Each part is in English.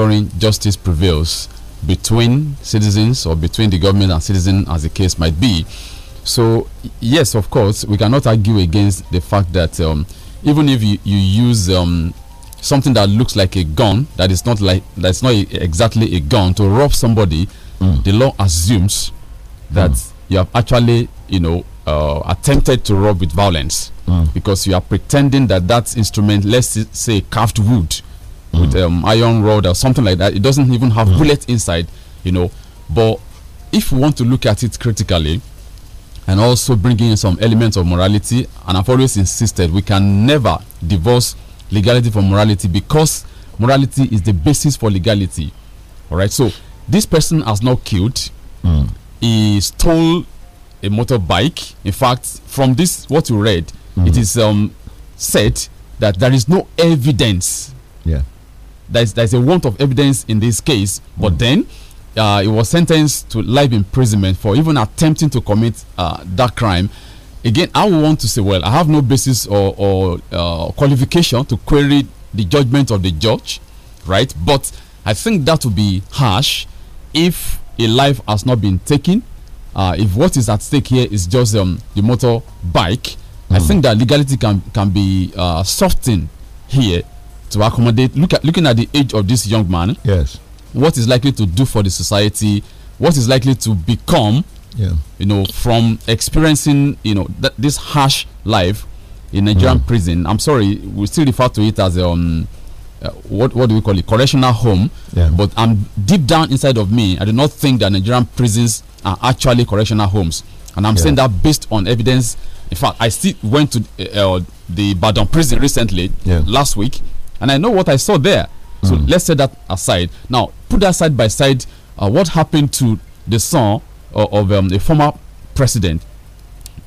ensuring justice prevails between citizens or between the government and citizen as the case might be. So, yes, of course, we cannot argue against the fact that um, even if you, you use um, something that looks like a gun, that is not like that's not a, exactly a gun to rob somebody, mm. the law assumes that mm. you have actually, you know, uh, attempted to rob with violence mm. because you are pretending that that instrument, let's say carved wood, with um, iron rod or something like that. It doesn't even have mm. bullets inside, you know. But if you want to look at it critically and also bring in some elements of morality, and I've always insisted we can never divorce legality from morality because morality is the basis for legality. All right, so this person has not killed, mm. he stole a motorbike. In fact, from this, what you read, mm. it mm-hmm. is um, said that there is no evidence yeah there's there's a want of evidence in this case, but mm. then uh, he was sentenced to life imprisonment for even attempting to commit uh, that crime. Again, I would want to say, well, I have no basis or, or uh, qualification to query the judgment of the judge, right? But I think that would be harsh if a life has not been taken. Uh, if what is at stake here is just um, the motorbike, mm. I think that legality can can be uh, softened here to accommodate look at looking at the age of this young man yes what is likely to do for the society what is likely to become yeah. you know from experiencing you know this harsh life in nigerian mm. prison i'm sorry we still refer to it as um uh, what what do we call it correctional home yeah. but i'm deep down inside of me i do not think that nigerian prisons are actually correctional homes and i'm yeah. saying that based on evidence in fact i still went to uh, uh the badon prison recently yeah. last week and I know what I saw there. So mm. let's set that aside. Now, put that side by side. Uh, what happened to the son of, of um, a former president?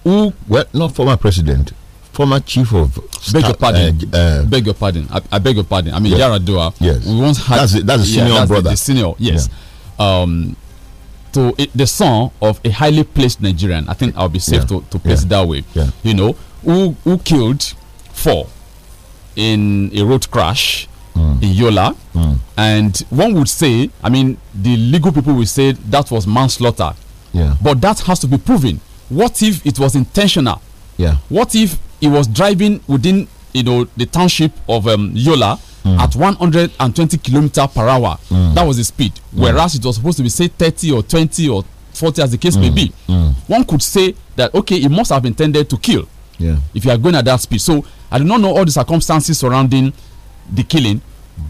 Who, well, not former president, former chief of beg your pardon, uh, uh, beg your pardon, I, I, beg your pardon. I mean yes. Yaradua. Yes, we once had that's, a, that's a senior yeah, that's brother, the, the, senior. Yes, yeah. um, to it, the son of a highly placed Nigerian. I think I'll be safe yeah. to, to place yeah. it that way. You know who who killed four in a road crash mm. in Yola. Mm. And one would say, I mean, the legal people will say that was manslaughter. Yeah. But that has to be proven. What if it was intentional? Yeah. What if he was driving within, you know, the township of um, Yola? Mm. at 120 kilometer per hour. Mm. That was the speed. Mm. Whereas it was supposed to be say 30 or 20 or 40 as the case may mm. be. Mm. One could say that okay, he must have intended to kill. Yeah. If you are going at that speed. So I do not know all the circumstances surrounding the killing,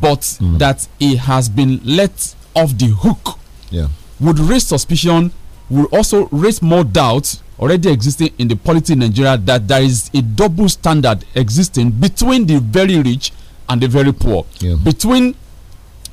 but mm. that he has been let off the hook yeah. would raise suspicion, would also raise more doubts already existing in the polity in Nigeria that there is a double standard existing between the very rich and the very poor, yeah. between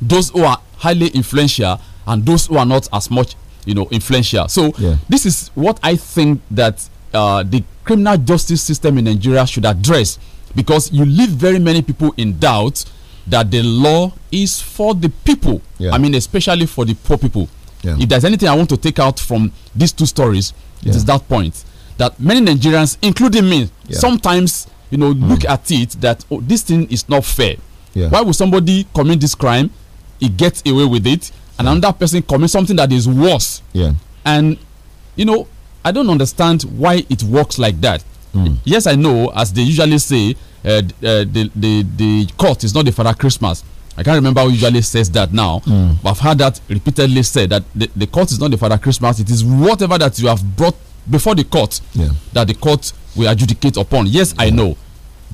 those who are highly influential and those who are not as much you know influential so yeah. this is what i think that uh, the criminal justice system in Nigeria should address because you leave very many people in doubt that the law is for the people. Yeah. I mean, especially for the poor people. Yeah. If there's anything I want to take out from these two stories, yeah. it is that point that many Nigerians, including me, sometimes you know mm. look at it that oh, this thing is not fair. Why would somebody commit this crime? He gets away with it, and another person commits something that is worse. And you know, I don't understand why it works like that. Mm. Yes, I know, as they usually say, uh, uh the, the, the court is not the Father Christmas. I can't remember who usually says that now, mm. but I've heard that repeatedly said that the, the court is not the Father Christmas. It is whatever that you have brought before the court yeah. that the court will adjudicate upon. Yes, yeah. I know,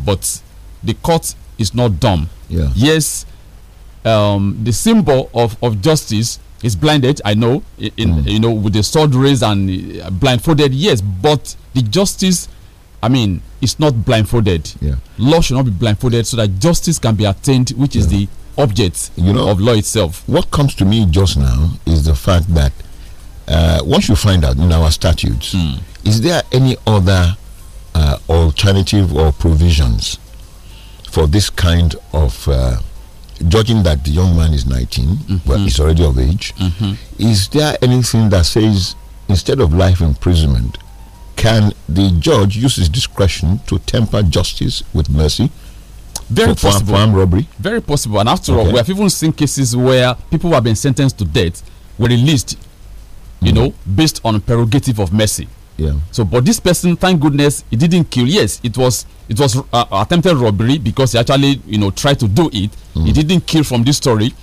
but the court is not dumb. Yeah. Yes, um, the symbol of, of justice He's blinded, I know, in, mm. you know, with the sword raised and uh, blindfolded, yes, but the justice, I mean, it's not blindfolded. Yeah. Law should not be blindfolded so that justice can be attained, which yeah. is the object you know, of law itself. What comes to me just now is the fact that uh, once you find out in our statutes, mm. is there any other uh, alternative or provisions for this kind of uh, judging that the young man is 19, mm -hmm. but he's already of age, mm -hmm. is there anything that says instead of life imprisonment, can the judge use his discretion to temper justice with mercy? Very for possible. Farm, robbery? Very possible. And after okay. all, we have even seen cases where people who have been sentenced to death were released, you mm -hmm. know, based on prerogative of mercy. Yeah. So, but this person, thank goodness, he didn't kill. Yes, it was it was uh, attempted robbery because he actually you know tried to do it. Mm. He didn't kill from this story,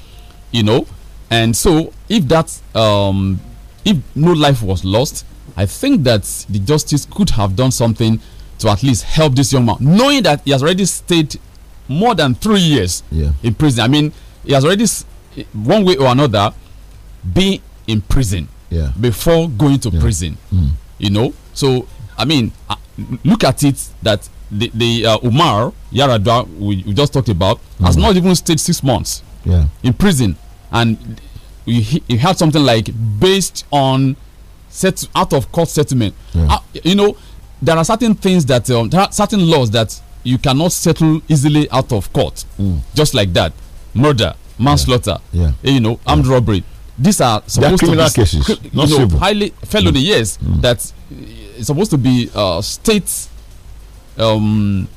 you know. And so, if that um, if no life was lost, I think that the justice could have done something to at least help this young man, knowing that he has already stayed more than three years yeah. in prison. I mean, he has already, one way or another, been in prison yeah. before going to yeah. prison. Mm. You know, so I mean, uh, look at it that the the uh, Umar Yaradua we, we, just talked about mm. has not even stayed six months yeah. in prison, and you, you had something like based on set out of court settlement. Yeah. Uh, you know, there are certain things that um, there are certain laws that you cannot settle easily out of court, mm. just like that, murder, manslaughter, yeah. Yeah. you know, armed robbery these are supposed criminal to be cases, you not know, highly felony. Mm. Yes, mm. that it's eh, supposed to be uh, state. Um,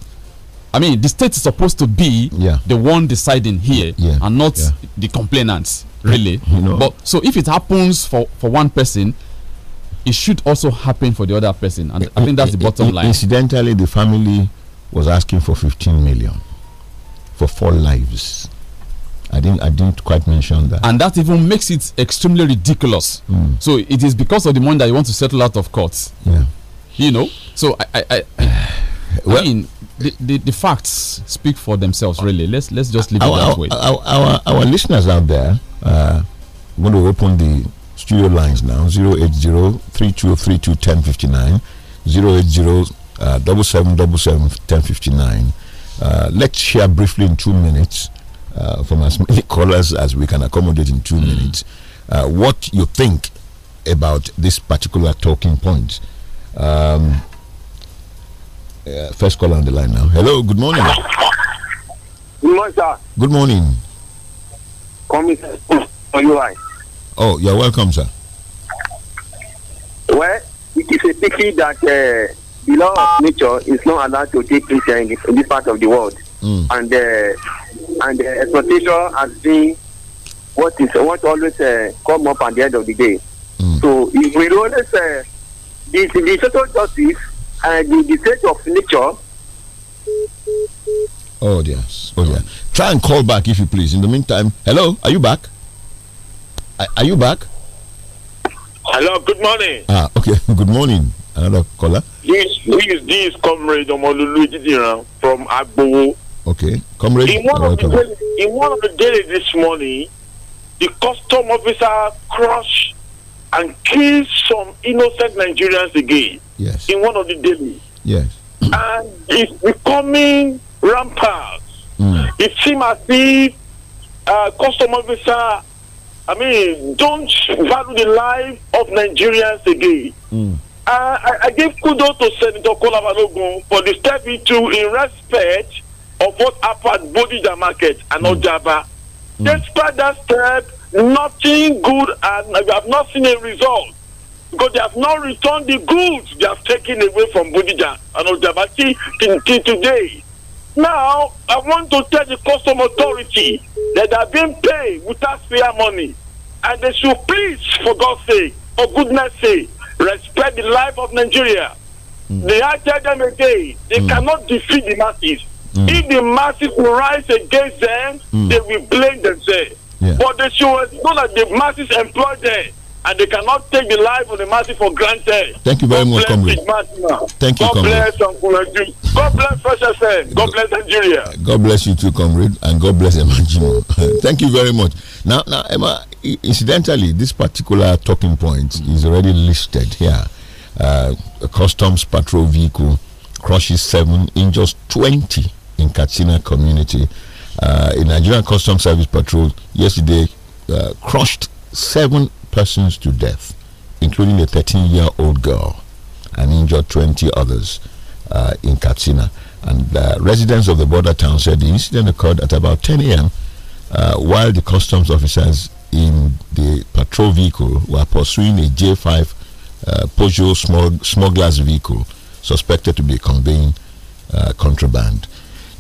I mean, the state is supposed to be yeah. the one deciding here, yeah. and not yeah. the complainants, really. You know. But so if it happens for for one person, it should also happen for the other person, and I think that's the bottom line. Incidentally, the family was asking for 15 million for four lives. I didn't I didn't quite mention that. And that even makes it extremely ridiculous. Mm. So it is because of the money that you want to settle out of court. Yeah. You know? So I I, I, well, I mean the, the, the, facts speak for themselves really. Let's let's just leave our, it that way. Our our, our listeners out there, uh I'm going to open the studio lines now 080 3232 1059 080 uh, 1059. Uh, let's share briefly in two minutes uh, from as many callers as we can accommodate in two mm. minutes. Uh, what you think about this particular talking point? Um, uh, first caller on the line now. Hello, good morning. Good morning, sir. Good morning. Commissioner, you right? Oh, you're welcome, sir. Well, it is a pity that uh, the law of nature is not allowed to take place in, this part of the world. Mm. And uh, and uh, exploitation has been what is what always uh, come up at the end of the day. Mm. So if we always uh, the the social justice and the, the state of nature. Oh yes, oh yeah. Try and call back if you please. In the meantime, hello, are you back? Are, are you back? Hello, good morning. Ah, okay, good morning. Another caller. This, this, this comrade Omolulu from Agbowo Okay, comrade. In one, of the daily, in one of the daily this morning, the custom officer crushed and killed some innocent Nigerians again. Yes. In one of the daily. Yes. and it's becoming rampant. Mm. It seems as if uh, custom officer, I mean, don't value the life of Nigerians again. Mm. Uh, I, I, give kudos to Senator Kola Balogun for the step into in respect of what happened Bodija market and mm. Ojaba. Mm. Despite that step, nothing good and we have not seen a result because they have not returned the goods they have taken away from Bodija and Ojaba till, till, today. Now, I want to tell the custom authority that they have been paid with taxpayer money and they should please, for God's sake, for goodness sake, respect the life of Nigeria. Mm. They are telling them again, they mm. cannot defeat the masses. Mm. If the masses will rise against them, mm. they will blame themselves. Yeah. But they should know that the masses employ them and they cannot take the life of the masses for granted. Thank you very God much, comrade. Thank you, God comrade. bless God bless Fresh FM. God bless Nigeria. God bless you too, comrade, and God bless Emmanuel. Thank you very much. Now, now, Emma, incidentally, this particular talking point is already listed here. Uh, a customs patrol vehicle crushes seven, injures twenty in Katsina community. Uh, a Nigerian Customs Service patrol yesterday uh, crushed seven persons to death, including a 13 year old girl, and injured 20 others uh, in Katsina. And uh, residents of the border town said the incident occurred at about 10 a.m. Uh, while the customs officers in the patrol vehicle were pursuing a J5 uh, Peugeot smog smuggler's vehicle suspected to be conveying uh, contraband.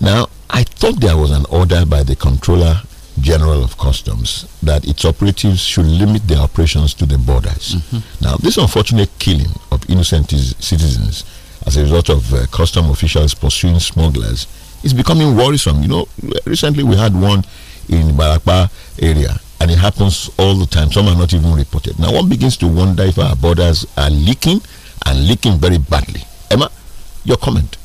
Now, I thought there was an order by the Controller General of Customs that its operatives should limit their operations to the borders. Mm -hmm. Now, this unfortunate killing of innocent citizens as a result of uh, custom officials pursuing smugglers is becoming worrisome. You know, recently we had one in Barakpa area, and it happens all the time. Some are not even reported. Now, one begins to wonder if our borders are leaking and leaking very badly. Emma, your comment.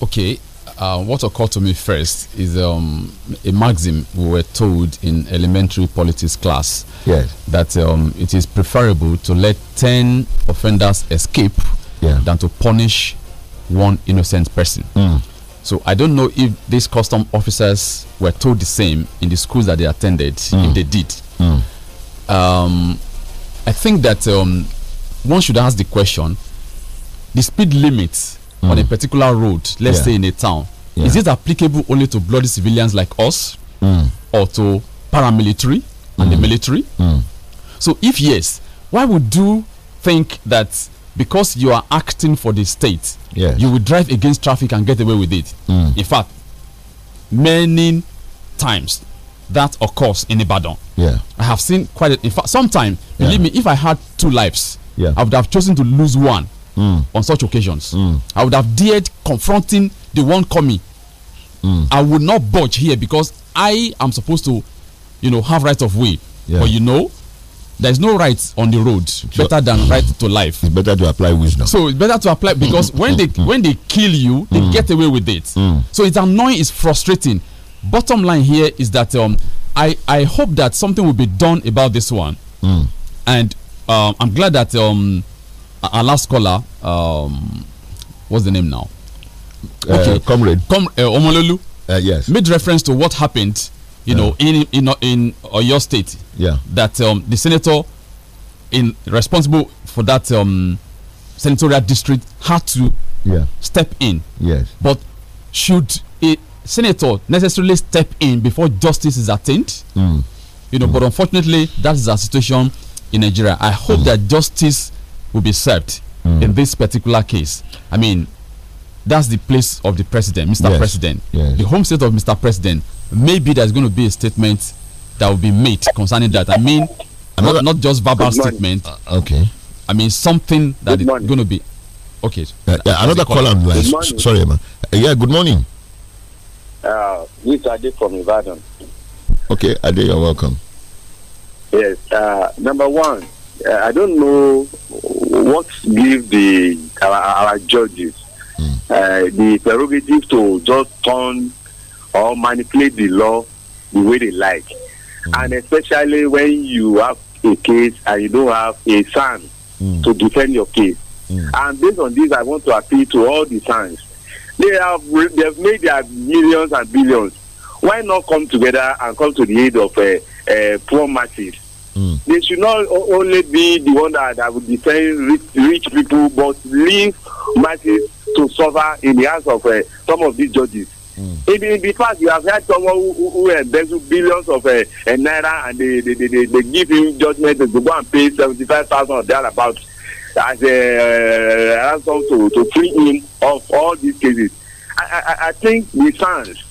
Okay, uh, what occurred to me first is um, a maxim we were told in elementary politics class. Yes. That um, it is preferable to let 10 offenders escape yeah. than to punish one innocent person. Mm. So I don't know if these custom officers were told the same in the schools that they attended, mm. if they did. Mm. Um, I think that um, one should ask the question the speed limit mm. on a mm. particular road, let's yeah. say in a town, yeah. is this applicable only to bloody civilians like us mm. or to paramilitary and the mm. military? Mm. So, if yes, why would you think that because you are acting for the state, yes. you will drive against traffic and get away with it? In fact, many times that occurs in Ibadan. Yeah. I have seen quite a, in fact sometimes, believe yeah. me, if I had two lives, yeah. I would have chosen to lose one mm. on such occasions. Mm. I would have dared confronting the one coming. Mm. I would not budge here because I am supposed to, you know, have right of way. Yeah. But you know, there's no right on the road better than right to life. It's better to apply wisdom. So it's better to apply because when they mm. when they kill you, they mm. get away with it. Mm. So it's annoying, it's frustrating. Bottom line here is that um, I I hope that something will be done about this one. And um, I'm glad that um, our last caller, um, what's the name now? Uh, okay, uh, comrade. come uh, Omololu. Uh, yes. Made reference to what happened, you know, in in in your state. Yeah. That um, the senator, in responsible for that um, senatorial district, had to yeah. step in. Yes. But should a senator necessarily step in before justice is attained? Mm. You know, mm. but unfortunately, that's a situation in Nigeria. I hope mm. that justice will be served mm. in this particular case. I mean, that's the place of the president, Mr. Yes. President. Yes. The home state of Mr. President. Maybe there's going to be a statement that will be made concerning that. I mean, not, not just verbal statement. Uh, okay. I mean, something that is going to be. Okay. Uh, yeah, another call. Sorry, man. Uh, yeah, good morning. Uh, this Ade from Ibadan. Okay, Ade, you're welcome. Yes. Uh, number one, uh, I don't know what give the our, our judges mm. the prerogative to just turn or manipulate the law the way they like. Mm. And especially when you have a case and you don't have a son mm. to defend your case. Mm. And based on this, I want to appeal to all the sons. They have they have made their millions and billions. Why not come together and come to the aid of uh, uh, poor masses? Mm. They should not only be the one that, that would defend rich, rich people, but leave matters to suffer in the hands of uh, some of these judges. Mm. In, in, the past, you have had someone who, who, who eh, embezzled billions of uh, naira and they, they, they, they, they give him judgment to go and pay 75,000 or thereabouts as a uh, ransom to, to free him of all these cases. I, I, I think we fans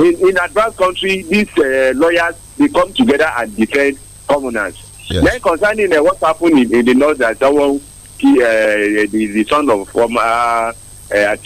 in, in advanced country, these uh, lawyers, they come together and defend Yes. Then concerning uh, what happened in, in, the north, that someone, uh, the, the, son of former uh,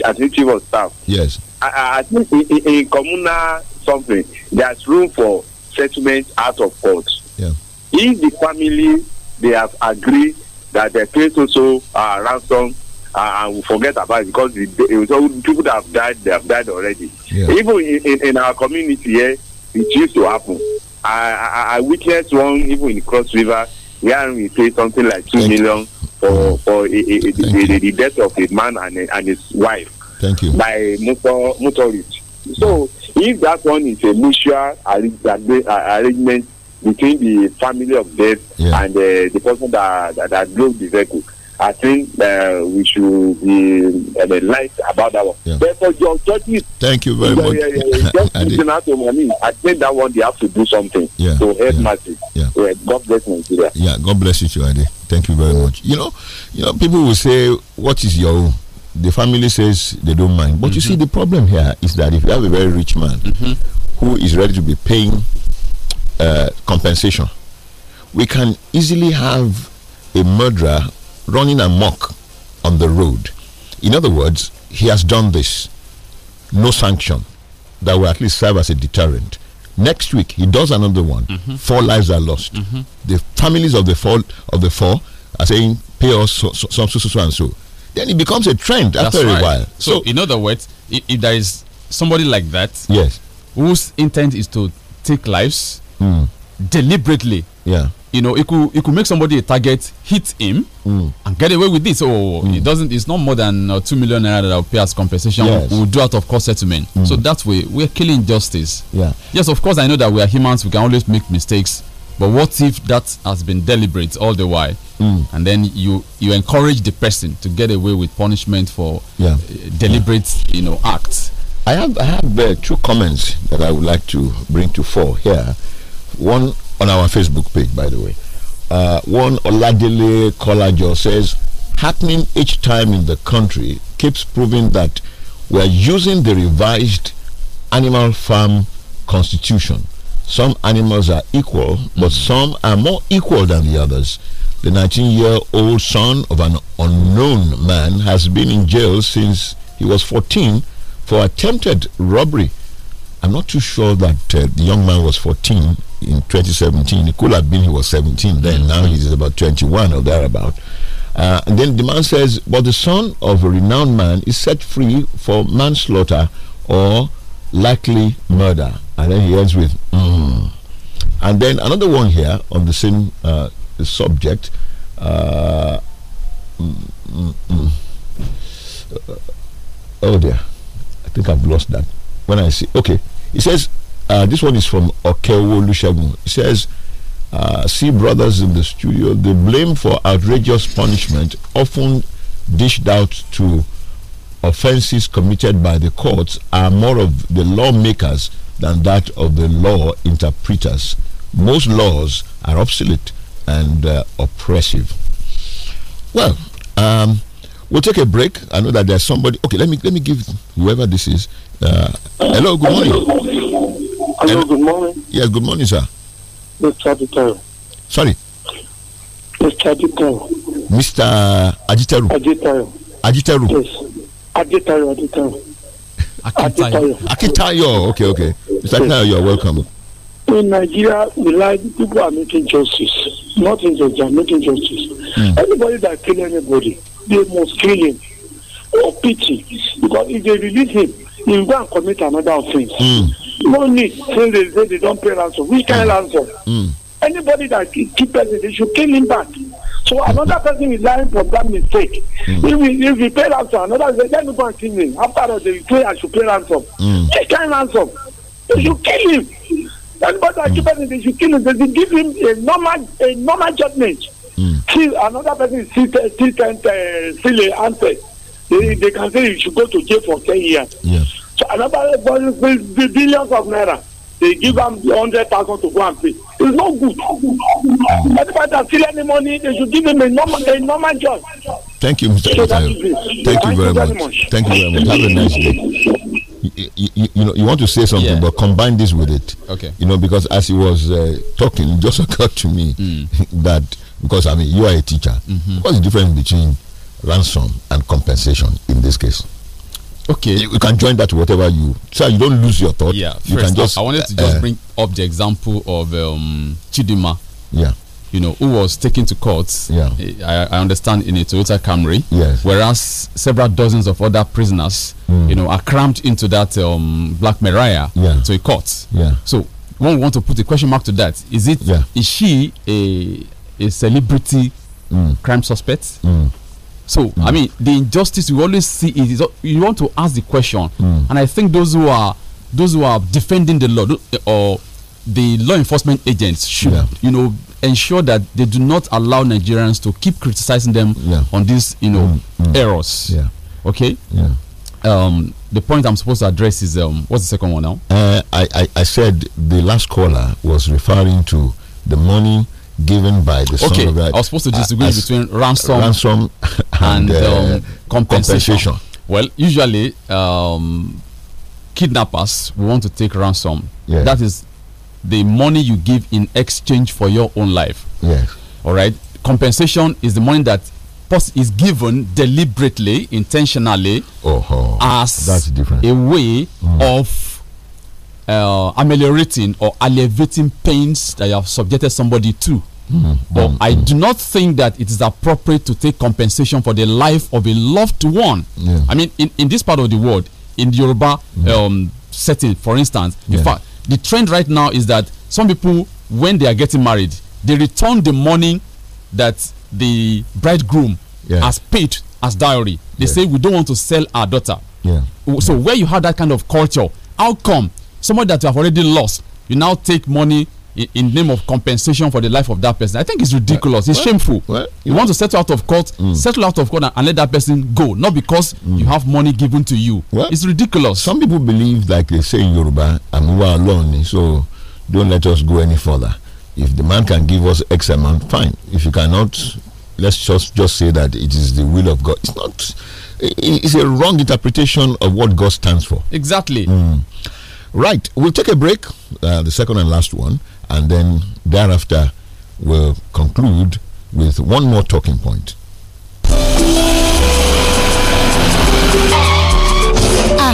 uh, chief of staff. Yes. I, I think in, in, communal something, there's room for settlement out of court. Yeah. If the family they have agreed that the case also uh, ransom uh, and we forget about it because was all, people that have died they have died already. Yeah. Even in, in, in, our community here, it used to happen. I, I, witnessed one even in Cross River where we paid something like two Thank million for for a, a, a, the, the, death of a man and and his wife. Thank you. By motor motorist. So if that one is a mutual arrangement between the family of death yeah. and uh, the person that that, that drove the vehicle I think uh, we should be uh, light about that one. Yeah. Therefore, your judges. Thank you very yeah, much. Yeah, just listen out to money. I think that one they have to do something yeah, to help yeah, Matthew. Yeah. yeah. God bless Nigeria. Yeah, God bless you, Chuade. Thank you very much. You know, you know, people will say, "What is your own?" The family says they don't mind, but mm -hmm. you mm-hmm. see, the problem here is that if you have a very rich man mm -hmm. who is ready to be paying uh, compensation, we can easily have a murderer running amok on the road. In other words, he has done this. No sanction that will at least serve as a deterrent. Next week he does another one. Mm -hmm. Four lives are lost. Mm -hmm. The families of the four of the four are saying pay us some so, so, so, and so. Then it becomes a trend That's after right. a while. So, so, in other words, if, if, there is somebody like that, yes, whose intent is to take lives mm. deliberately, yeah, you know, it could it could make somebody a target, hit him, mm. and get away with it. So mm. it doesn't. It's not more than uh, two million naira that I'll pay as compensation. Yes. We'll do out of court settlement. Mm. So that way, we're killing justice. Yeah. Yes, of course, I know that we are humans. We can always make mistakes. But what if that has been deliberate all the while, mm. and then you you encourage the person to get away with punishment for yeah. uh, deliberate, yeah. you know, acts? I have I have uh, two comments that I would like to bring to fore here. One on our Facebook page, by the way. Uh, one Oladile Kolajo says, happening each time in the country keeps proving that we're using the revised animal farm constitution. Some animals are equal, but mm -hmm. some are more equal than the others. The 19 year old son of an unknown man has been in jail since he was 14 for attempted robbery. I'm not too sure that uh, the young man was 14 in 2017. It could have been he was 17 then. Now he's about 21 or thereabout. Uh, and then the man says, But the son of a renowned man is set free for manslaughter or likely murder. And then he ends with, mm. And then another one here on the same uh, subject. Uh, mm, mm, mm. Uh, oh dear, I think I've lost that. When I see, okay, he says, uh, this one is from Okewo Lushagun. It says, uh, see brothers in the studio, the blame for outrageous punishment often dished out to offenses committed by the courts are more of the lawmakers than that of the law interpreters. Most laws are obsolete and uh, oppressive. Well, um, we'll take a break. I know that there's somebody. Okay, let me let me give whoever this is. Uh, hello, good morning. Hello, good morning. Yes, good morning, sir. Mr. Aditeru. Sorry. Mr. Aditeru. Mr. Aditeru. Aditeru. Aditeru. Yes. Aditeru, Aditeru. Akintayo. Akintayo. Okay, okay. Mr. Akintayo, you're welcome. In Nigeria, we like people are making justice. Not injustice, making justice. Mm. Anybody that kill anybody, they must kill him or pity. Because if they release him, he will go and commit another offense. Mm no need say they say they don pay ransom which kind ransom mm. anybody that keep person they should kill him back so another person is lying from that mistake mm. if we if we pay ransom another say let me go and kill him after that, they say i should pay ransom mm. which can ransom they should kill him anybody that keep person they should kill him they should give him a normal a normal judgment still another person is still still ten uh, still a answer they they can say you should go to jail for ten years. Yes. So another billions of naira. They give them hundred thousand to go and pay. It's not good. Anybody that steal any money, they should give him a normal, a normal job. Thank you, Mr. So Thank, you Thank very, much. much. Thank you very much. Have a nice day. You, you, you, know you want to say something yeah. but combine this with it okay you know because as he was uh, talking it just occurred to me mm. that because i mean you are a teacher mm -hmm. what's the difference between ransom and compensation in this case Okay. You, you can join that whatever you so you don't lose your thought. Yeah. First, you can just I wanted to just uh, bring up the example of um, Chidima. Yeah. You know, who was taken to court. Yeah. Eh, I, I understand in a Toyota Camry. Yes. Whereas several dozens of other prisoners, mm. you know, are crammed into that um, black Mariah yeah. to a court. Yeah. So one want to put a question mark to that. Is it yeah. is she a a celebrity mm. crime suspect? Mm so mm. I mean, the injustice you always see is you want to ask the question, mm. and I think those who are those who are defending the law or the law enforcement agents should yeah. you know ensure that they do not allow Nigerians to keep criticizing them yeah. on these you know mm. errors. Yeah. Okay. Yeah. Um, the point I'm supposed to address is um, what's the second one now? Uh, I, I I said the last caller was referring to the money given by the okay. of God. I was supposed to distinguish between ransom, ransom and, and uh, um, compensation. compensation. Well, usually um, kidnappers we want to take ransom. That is the money you give in exchange for your own life. Yes. All right. Compensation is the money that is given deliberately, intentionally, oh, oh, as a way mm. of uh, ameliorating or alleviating pains that you have subjected somebody to. Mm -hmm. But I mm-hmm. do not think that it is appropriate to take compensation for the life of a loved one. Yeah. I mean, in, in this part of the world, in the Yoruba mm-hmm. um, setting, for instance, yeah. in fact, the trend right now is that some people, when they are getting married, they return the money that the bridegroom has paid as dowry. They say, We don't want to sell our daughter. So, where you have that kind of culture, how come someone that you have already lost, you now take money in, in name of compensation for the life of that person. I think it's ridiculous. It's shameful. You, you want to settle out of court, mm. settle out of court and, and, let that person go, not because mm. you have money given to you. Well, It's ridiculous. Some people believe, like they say in Yoruba, and we are so don't let us go any further. If the man can give us X amount, fine. If you cannot, let's just just say that it is the will of God. It's not. It's a wrong interpretation of what God stands for. Exactly. Mm. Right, we'll take a break, uh, the second and last one, and then thereafter we'll conclude with one more talking point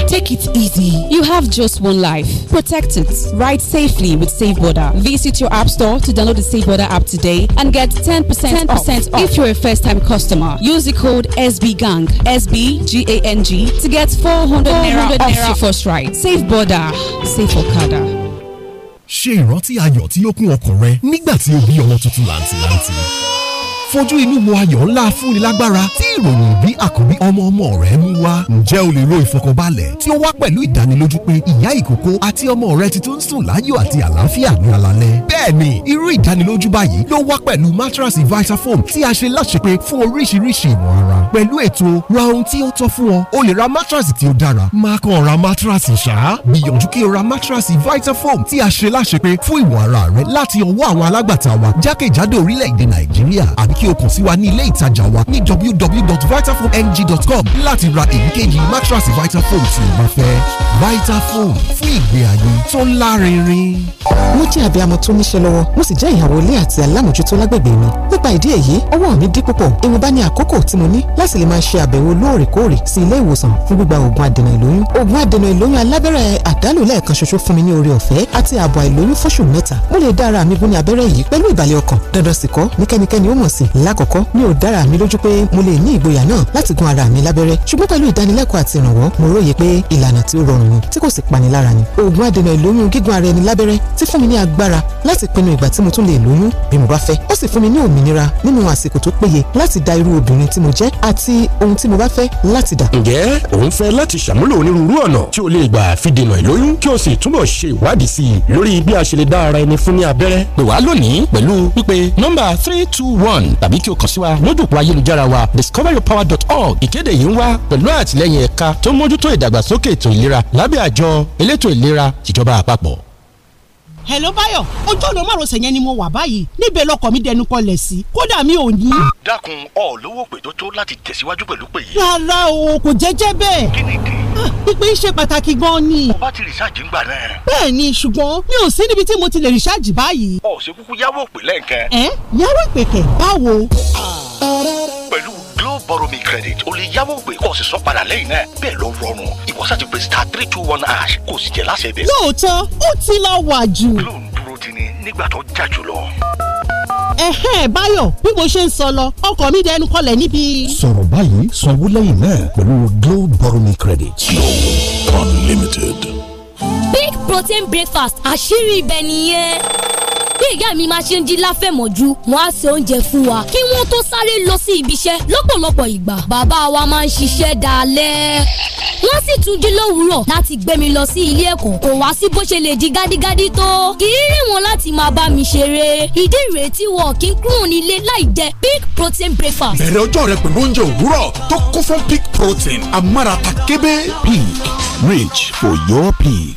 take it easy. You have just one life. Protect it. Ride safely with Saveboda. Visit your app store to download the Saveboda app today and get 10%, 10 off. off. if you're a first-time customer. Use the code SBGANG, S-B-G-A-N-G to get 400, 400 naira, off your first ride. Saveboda, Safe Okada. ṣe ìrántí ayọ̀ tí ó kún ọkàn rẹ nígbà tí o bí ọmọ tuntun làǹtìlanti fojú inú wo ayọ̀ ńlá fúnni lágbára tí ìròyìn bí àkòrí ọmọ ọmọ rẹ mú wá. ǹjẹ́ o lè ro ìfọkànbalẹ̀ tí ó wá pẹ̀lú ìdánilójú pé ìyá ìkókó àti ọmọ rẹ ti tó ń sùn láyọ̀ àti àlàáfíà ní alalẹ́. bẹ́ẹ̀ni irú ìdánilójú báyìí ló wá pẹ̀lú mattress Vitafoam tí a ṣe láṣepé fún oríṣiríṣi ìwọ̀n ara. pẹ̀lú ètò ra ohun tí ó tọ́ fún ọ o lè ra mattress tí ó dára má kàn ra mattress ṣá. gbìyànjú kí o ra mattress Vitafoam tí a ṣe láṣepé fún ìwọ̀n ara rẹ láti ọwọ́ àwọn alágbàtà wa jákèjádò orílẹ̀-èdè Nàìjíríà àbí kí o kàn sí wa ní ilé ìtajà wa ní www.vitafoamng.com láti ra èyíkéyìí mattress Vitafoam tí o bá fẹ́ Vitafoam fún ìgbé ayé tó lárinrin. mo jẹ́ abiyamọ tó níṣẹ́ lọ́wọ́ mo sì jẹ́ ìyàwó ilé àti alámòjútó lágbègbè mi nípa ìdí èyí ọwọ́ mi dí púpọ̀ ìwọ̀nba ni àkókò tí mo ní láti lè máa ṣe àbẹ̀wò lóòrèkóòrè sí ilé ìwòsàn fún gbígba oògùn adènà ìlóyún oògùn adènà ìlóyún alábẹ́rẹ́ àdálò lẹ́ẹ̀kan ṣoṣo fún mi ní oore ọ̀fẹ́ àti ààbò àìlóyún fóṣù mẹ́ta mo lè dá mi gún ní abẹ́rẹ́ yìí pẹ̀lú ìbàlẹ̀ ọkàn dandan sì kọ́ ní kẹ́nikẹ́ni ó mọ̀ sí lákọ̀ọ́kọ́ mi ò dára mi lójú pé mo lè ní ìgboyà náà láti gun ara mi lábẹ́rẹ́ ṣùgbọ́n pẹ̀lú ìdánilẹ́kọ̀ọ́ àti ìrànwọ́ mo róye pé ìlànà tí ó rọrùn ni tí kò sì panilára ni oògùn adènà ìlóyún gígùn ara ẹni lábẹ́rẹ́ ti fún mi ní agbára láti pinnu ìgbà tí mo tún lè lóyún bí mo bá fẹ́ ó sì fún mi ní òmìnira nínú àsìkò tó péye láti da irú obìnrin tí mo jẹ́ àti ohun tí mo bá fẹ́ láti dà. ǹjẹ́ òun fẹ́ láti ṣàmúlò onírúurú ọ̀nà tí o lè gbà fi dènà ìlóyún kí o sì túbọ̀ ṣe ìwádìí sí i lórí bí a ṣe lè dá ara ẹni fún ní abẹ́rẹ́ pè wá lónìí pẹ̀lú pípe nọ́mbà three two one tàbí kí o kàn sí wa lójúpọ̀ ayélujára wa discoveryourpower.org ìkéde yìí ń wá pẹ̀lú àtìlẹ́yìn ẹ̀ka tó mójútó ìdàgbàsókè ètò ìlera lábẹ́ àjọ elétò ìlera tìjọba àpapọ̀ hello Báyọ̀ ojú ọ̀nà márosẹ̀ yẹn ni mo wà báyìí níbẹ̀ lọkọ̀ mi dẹnu kọlẹ̀ sí kódà mi ò ní. dákun ọ lówó pé tó tó láti tẹ̀síwájú pẹ̀lú pé yìí. rárá o kò jẹ́jẹ́ bẹ́ẹ̀. kí ni ìdí. Ah, pípé ṣe pàtàkì gan-an ni. mo bá ti rìsáàjì ń gbà náà. bẹ́ẹ̀ ni mi ò sí níbi tí mo ti lè rìsáàjì báyìí. ọ̀ ṣe kúkú yáwó ìpè lẹ́ǹkan. ẹ yáwó ìpè báwo. pẹ̀lú yóò borrow me credit o lè yáwó gbé kó o sì sọ padà lẹ́yìn náà bẹ́ẹ̀ ló rọrùn ìwọ sá ti pè star three two one ash kó sì jẹ́ láṣẹ bẹ́ẹ̀. lóòótọ́ ó ti lọ wà jù. glo dúró ti ni nígbà tó jà jù lọ. ẹ̀hẹ́n báyọ̀ bí mo ṣe ń sọ lọ ọkọ̀ mi dẹnu kọlẹ̀ níbi. sọ̀rọ̀ báyìí sanwó lẹ́yìn náà pẹ̀lú glo borrow me credit. glo unlimited. big protein breakfast àṣírí ibẹ̀ nìyẹn bí ìyá mi máa ṣe ń jí láfẹ̀mọ́jú wọ́n á se oúnjẹ fún wa kí wọ́n tó sáré lọ sí ibi iṣẹ́ lọ́pọ̀lọpọ̀ ìgbà bàbá wa máa ń ṣiṣẹ́ dalẹ́ wọ́n sì tún jí lówùúrọ̀ láti gbé mi lọ sí ilé ẹ̀kọ́ kò wá sí bó ṣe lè di gádígádí tó kì í rí wọn láti máa bá mi ṣeré ìdí ìrètí wọn kì í kúrò nílé láì jẹ big protein breakfast. bẹ̀rẹ̀ ọjọ́ rẹ pẹ̀lú oúnjẹ òwúrọ̀ tó kún fún big protein amárata kébé. pig rich for your pig.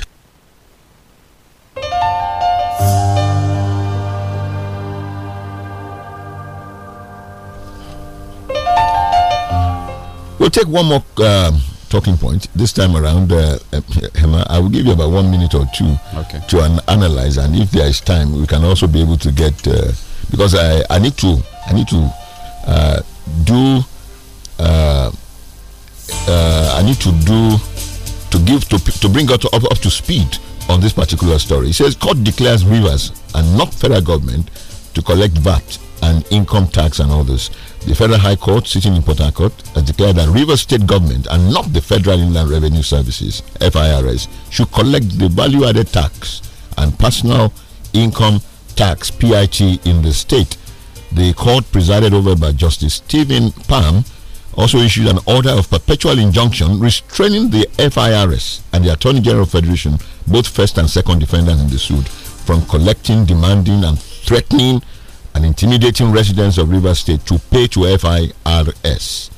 We'll take one more um, talking point this time around, uh, uh Emma. I will give you about one minute or two okay. to an analyze, and if there is time, we can also be able to get uh, because I, I need to I need to uh, do uh, uh, I need to do to give to to bring up, up up to speed on this particular story. It says court declares Rivers and not federal government to collect VAT and income tax and all those, The Federal High Court, sitting in Port Harcourt, has declared that Rivers State Government and not the Federal Inland Revenue Services (FIRS) should collect the value-added tax and personal income tax (PIT) in the state. The court, presided over by Justice Stephen Palm, also issued an order of perpetual injunction restraining the FIRS and the Attorney General Federation, both first and second defendants in the suit, from collecting, demanding, and threatening and intimidating residents of River State to pay to FIRS.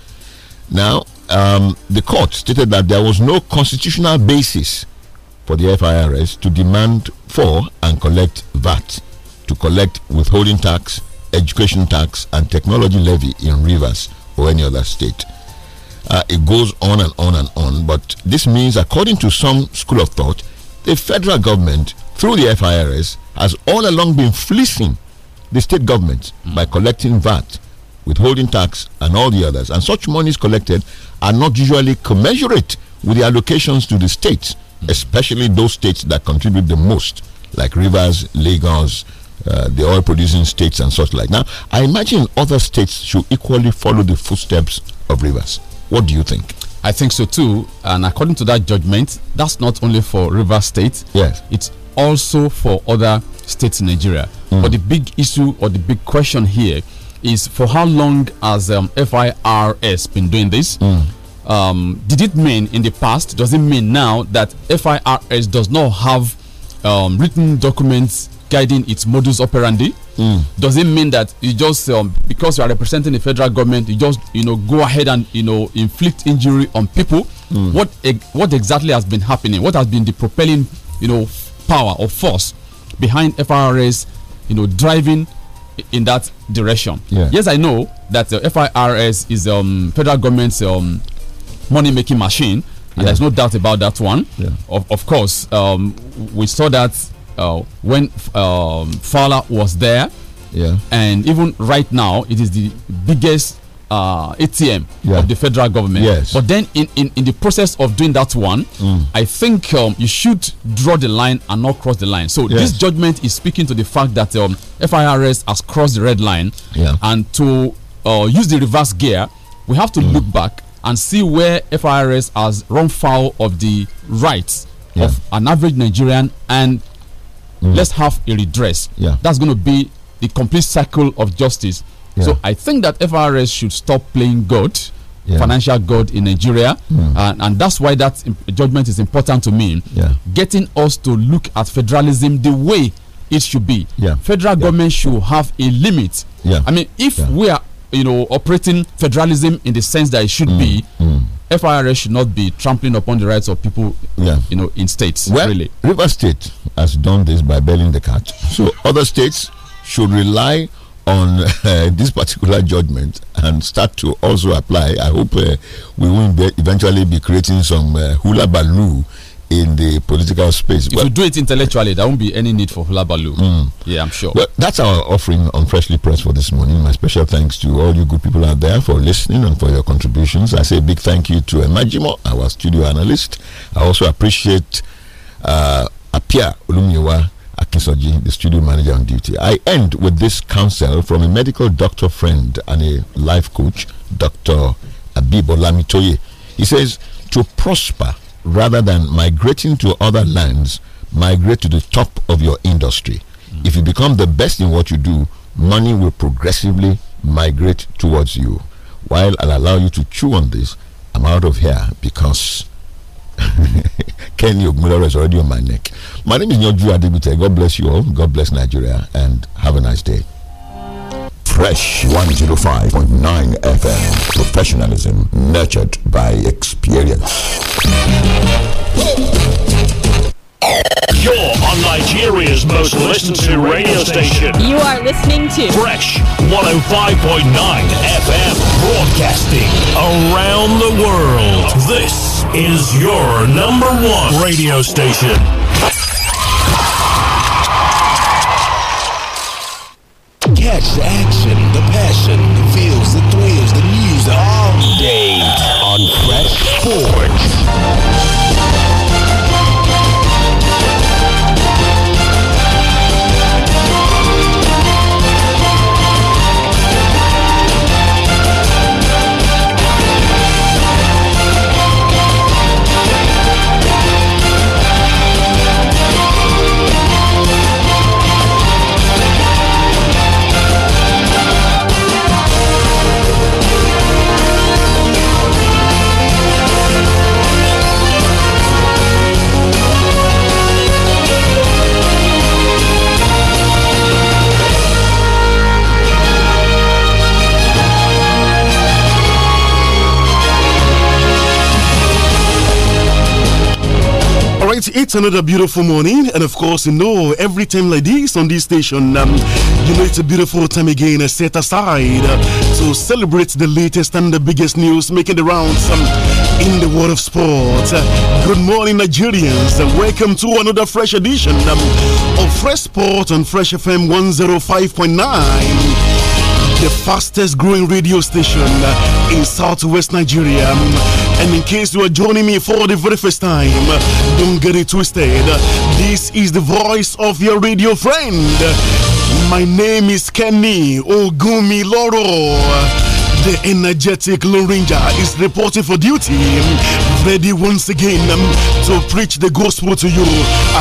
Now, um, the court stated that there was no constitutional basis for the FIRS to demand for and collect VAT, to collect withholding tax, education tax, and technology levy in Rivers or any other state. Uh, it goes on and on and on, but this means, according to some school of thought, the federal government, through the FIRS, has all along been fleecing the state government mm. by collecting VAT, withholding tax, and all the others. And such monies collected are not usually commensurate with the allocations to the states, mm. especially those states that contribute the most, like Rivers, Lagos, uh, the oil producing states, and such like. Now, I imagine other states should equally follow the footsteps of Rivers. What do you think? I think so too. And according to that judgment, that's not only for River State. Yes. It's also for other states in Nigeria. Mm. But the big issue or the big question here is for how long has um, FIRS been doing this? Mm. Um, did it mean in the past? Does it mean now that FIRS does not have um, written documents guiding its modus operandi? Mm. Does it mean that you just um, because you are representing the federal government, you just you know go ahead and you know inflict injury on people? Mm. What what exactly has been happening? What has been the propelling you know power or force behind FRS, you know, driving in that direction. Yeah. Yes, I know that the FIRS is um, federal government's um, money-making machine, and yeah. there's no doubt about that one. Yeah. Of, of course, um, we saw that uh, when um, Fowler was there, yeah. and even right now, it is the biggest uh, ATM yeah. of the federal government. Yes. But then, in, in, in the process of doing that one, mm. I think um, you should draw the line and not cross the line. So, yes. this judgment is speaking to the fact that um, FIRS has crossed the red line. Yeah. And to uh, use the reverse gear, we have to mm. look back and see where FIRS has run foul of the rights yeah. of an average Nigerian and mm. let's have a redress. Yeah. That's going to be the complete cycle of justice. So I think that FRS should stop playing God. Yeah. financial god in Nigeria, hmm. and, and, that's why that judgment is important to me. Yeah. Getting us to look at federalism the way it should be. Yeah. Federal government should have a limit. I mean, if we are you know operating federalism in the sense that it should mm. be. Mm. FIRS should not be trampling upon the rights of people, you know, in states. Well, really, River State has done this by bailing the cat. So other states should rely on uh, this particular judgment and start to also apply. I hope uh, we will be eventually be creating some uh, hula baloo in the political space. If you do it intellectually, there won't be any need for hula baloo. Mm. Yeah, I'm sure. Well, that's our offering on Freshly Pressed for this morning. My special thanks to all you good people out there for listening and for your contributions. I say a big thank you to Emajimo, our studio analyst. I also appreciate uh, Apia Olumiwa Akisoji, the studio manager on duty. I end with this counsel from a medical doctor friend and a life coach, Dr. Abibo Lamitoye. He says, To prosper rather than migrating to other lands, migrate to the top of your industry. If you become the best in what you do, money will progressively migrate towards you. While I'll allow you to chew on this, I'm out of here because Kenny Ogumiloro is already on my neck. My name is Nyoju Adibute. God bless you all. God bless Nigeria and have a nice day. Fresh 105.9 FM. Professionalism nurtured by experience. You're on Nigeria's most listened to radio station. You are listening to Fresh 105.9 FM broadcasting around the world. This is your number one radio station. Catch the action, the passion, the feels, the thrills, the news, the It's another beautiful morning, and of course, you know, every time like this on this station, um, you know, it's a beautiful time again uh, set aside uh, to celebrate the latest and the biggest news making the rounds um, in the world of sport. Uh, good morning, Nigerians, and uh, welcome to another fresh edition um, of Fresh Sport on Fresh FM 105.9, the fastest growing radio station uh, in southwest Nigeria. And in case you are joining me for the very first time, don't get it twisted. This is the voice of your radio friend. My name is Kenny Ogumi Loro. The energetic Lone Ranger is reporting for duty, ready once again to preach the gospel to you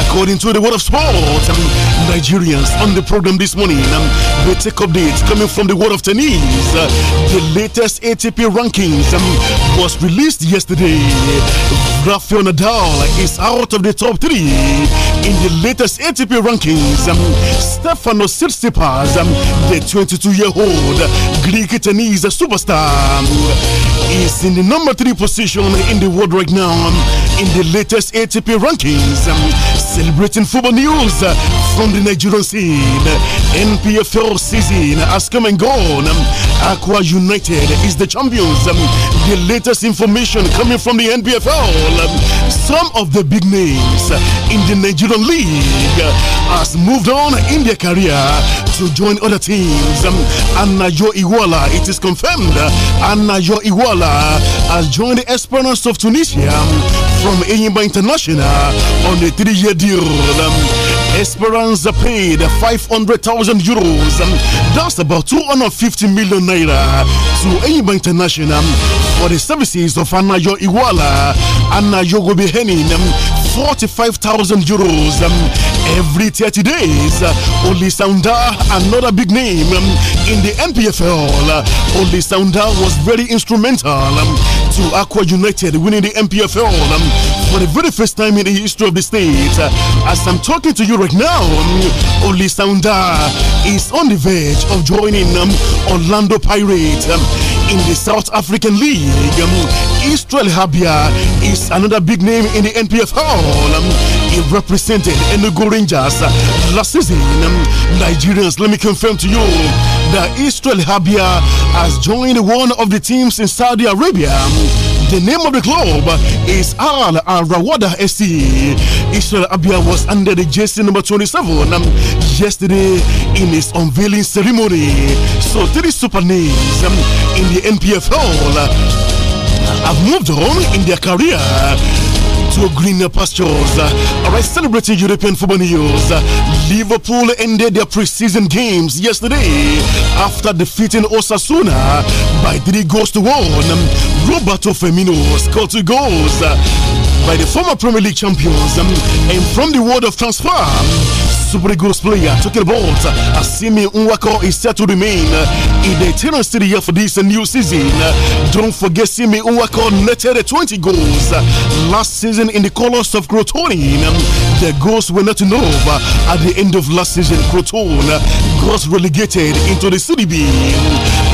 according to the word of sport. Nigerians on the program this morning. Um, we take updates coming from the world of tennis. Uh, the latest ATP rankings um, was released yesterday. Rafael Nadal is out of the top three in the latest ATP rankings. Um, Stefano Tsitsipas, um, the 22-year-old Greek tennis superstar, um, is in the number three position in the world right now um, in the latest ATP rankings. Um, celebrating football news uh, from the Nigerian scene. NPFL season has come and gone. Aqua United is the champions. The latest information coming from the NPFL. Some of the big names in the Nigerian league has moved on in their career to join other teams. Anayo Iwala, it is confirmed. Anayo Iwala has joined the Esperance of Tunisia from Enyimba International on a three-year deal. Esperanza paid 500,000 euros, that's about 250 million naira, to AIMA International for the services of Anayo Iwala, Anayo Gobi Henin, 45,000 euros every 30 days. Only Sounder, another big name in the NPFL. Only Sounder was very instrumental to Aqua United winning the MPFL um, for the very first time in the history of the state. Uh, as I'm talking to you right now, um, Oli Sounda is on the verge of joining um, Orlando Pirates um, in the South African League. Um, Israel Habia is another big name in the NPFL um, representing Enugu Rangers last season. Um, Nigerians, let me confirm to you that Israel Habia has joined one of the teams in Saudi Arabia. Um, the name of the club is Al Rawada SC. Israel Abia was under the jersey number 27 um, yesterday in his unveiling ceremony. So three super names um, in the NPFL uh, have moved on in their career no greener pastures. All right, celebrating European football news. Liverpool ended their preseason games yesterday after defeating Osasuna by three goals to one. Roberto Firmino scored two goals by the former Premier League champions and from the world of transfer. Super good player took the ball. Asimi Nwako is set to remain in the Terran City for this new season. Don't forget Simi Nwako netted 20 goals last season in the colors of Crotone. The goals were not enough at the end of last season. Crotone was relegated into the City B.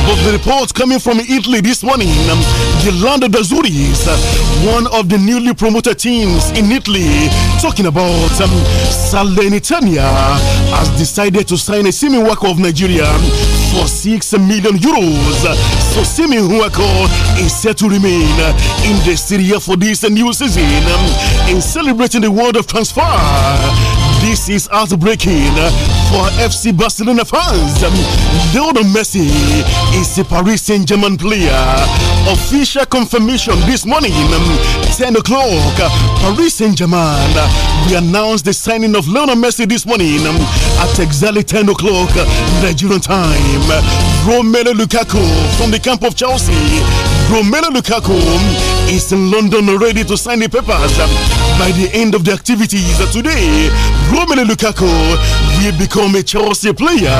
But the reports coming from Italy this morning, the um, Land of the Azuris, uh, one of the newly promoted teams in Italy, talking about um, Salernitania, has decided to sign a semi Wako of Nigeria for 6 million euros. So semi Wako is set to remain uh, in the Serie for this new season And um, in celebrating the world of transfer. This is heartbreaking for FC Barcelona fans. Lionel Messi is a Paris Saint-Germain player. Official confirmation this morning, 10 o'clock, Paris Saint-Germain. We announced the signing of Lionel Messi this morning at exactly 10 o'clock Nigerian time. Romelu Lukaku from the camp of Chelsea Romelu Lukaku is in London already to sign the papers. By the end of the activities today, Romelu Lukaku will become a Chelsea player.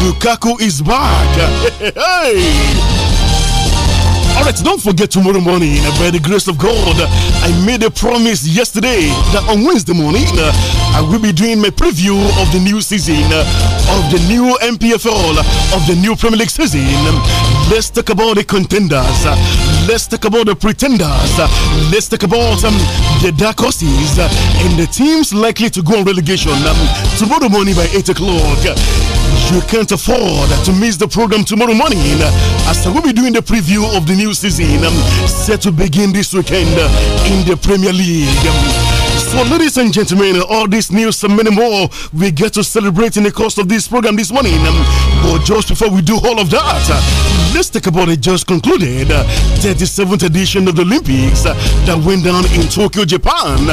Lukaku is back. All right, don't forget tomorrow morning, by the grace of God, I made a promise yesterday that on Wednesday morning, I will be doing my preview of the new season, of the new MPFL, of the new Premier League season. Let's talk about the contenders. Let's talk about the pretenders. Let's talk about um, the dark horses and the teams likely to go on relegation um, tomorrow morning by 8 o'clock. You can't afford to miss the program tomorrow morning as we'll be doing the preview of the new season um, set to begin this weekend uh, in the Premier League. So, ladies and gentlemen, all this news and many more we get to celebrate in the course of this program this morning. Um, but just before we do all of that, let's talk about the just concluded 37th uh, edition of the Olympics uh, that went down in Tokyo, Japan.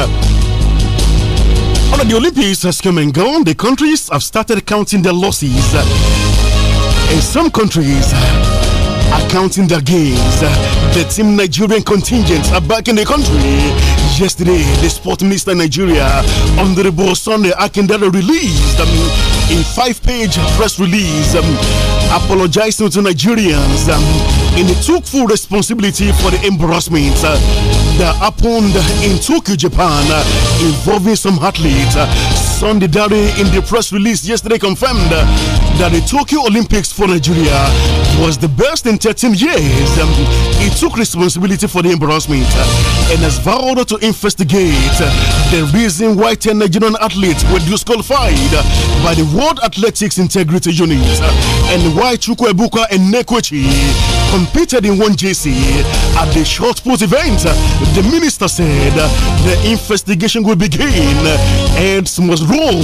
After the Olympics has come and gone, the countries have started counting their losses. Uh, and some countries are counting their gains. The Team Nigerian contingents are back in the country Yesterday, the Sport Minister Nigeria, Honorable Sunday Akindele, released um, a five-page press release um, apologizing to Nigerians um, and he took full responsibility for the embarrassment. Uh, that happened in Tokyo, Japan, involving some athletes. Sunday Dare in the press release yesterday confirmed that the Tokyo Olympics for Nigeria was the best in 13 years. He took responsibility for the embarrassment and has vowed to investigate the reason why 10 Nigerian athletes were disqualified by the World Athletics Integrity Unit and why Chukwuebuka and Nekochi competed in one JC at the short put event the minister said the investigation will begin. and must roll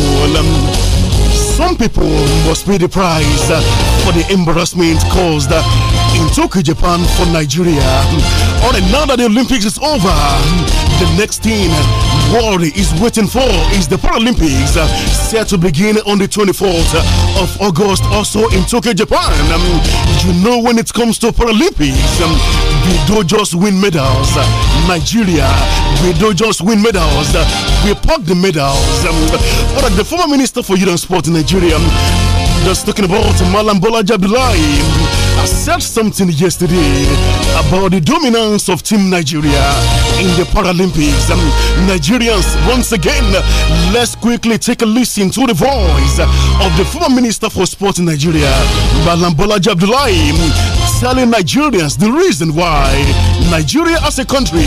some people must pay the price for the embarrassment caused in Tokyo, Japan for Nigeria. All right, now that the Olympics is over, the next team world is waiting for is the Paralympics uh, set to begin on the 24th of August, also in Tokyo, Japan. Um, you know, when it comes to Paralympics, um, we don't just win medals. Uh, Nigeria, we don't just win medals. Uh, we pop the medals. Um, the former minister for youth and sport in Nigeria. Um, just talking about Malambola Jabulai. I said something yesterday about the dominance of Team Nigeria in the Paralympics. Um, Nigerians, once again, let's quickly take a listen to the voice of the former Minister for Sport in Nigeria, Malambola Jabulai telling Nigerians the reason why Nigeria as a country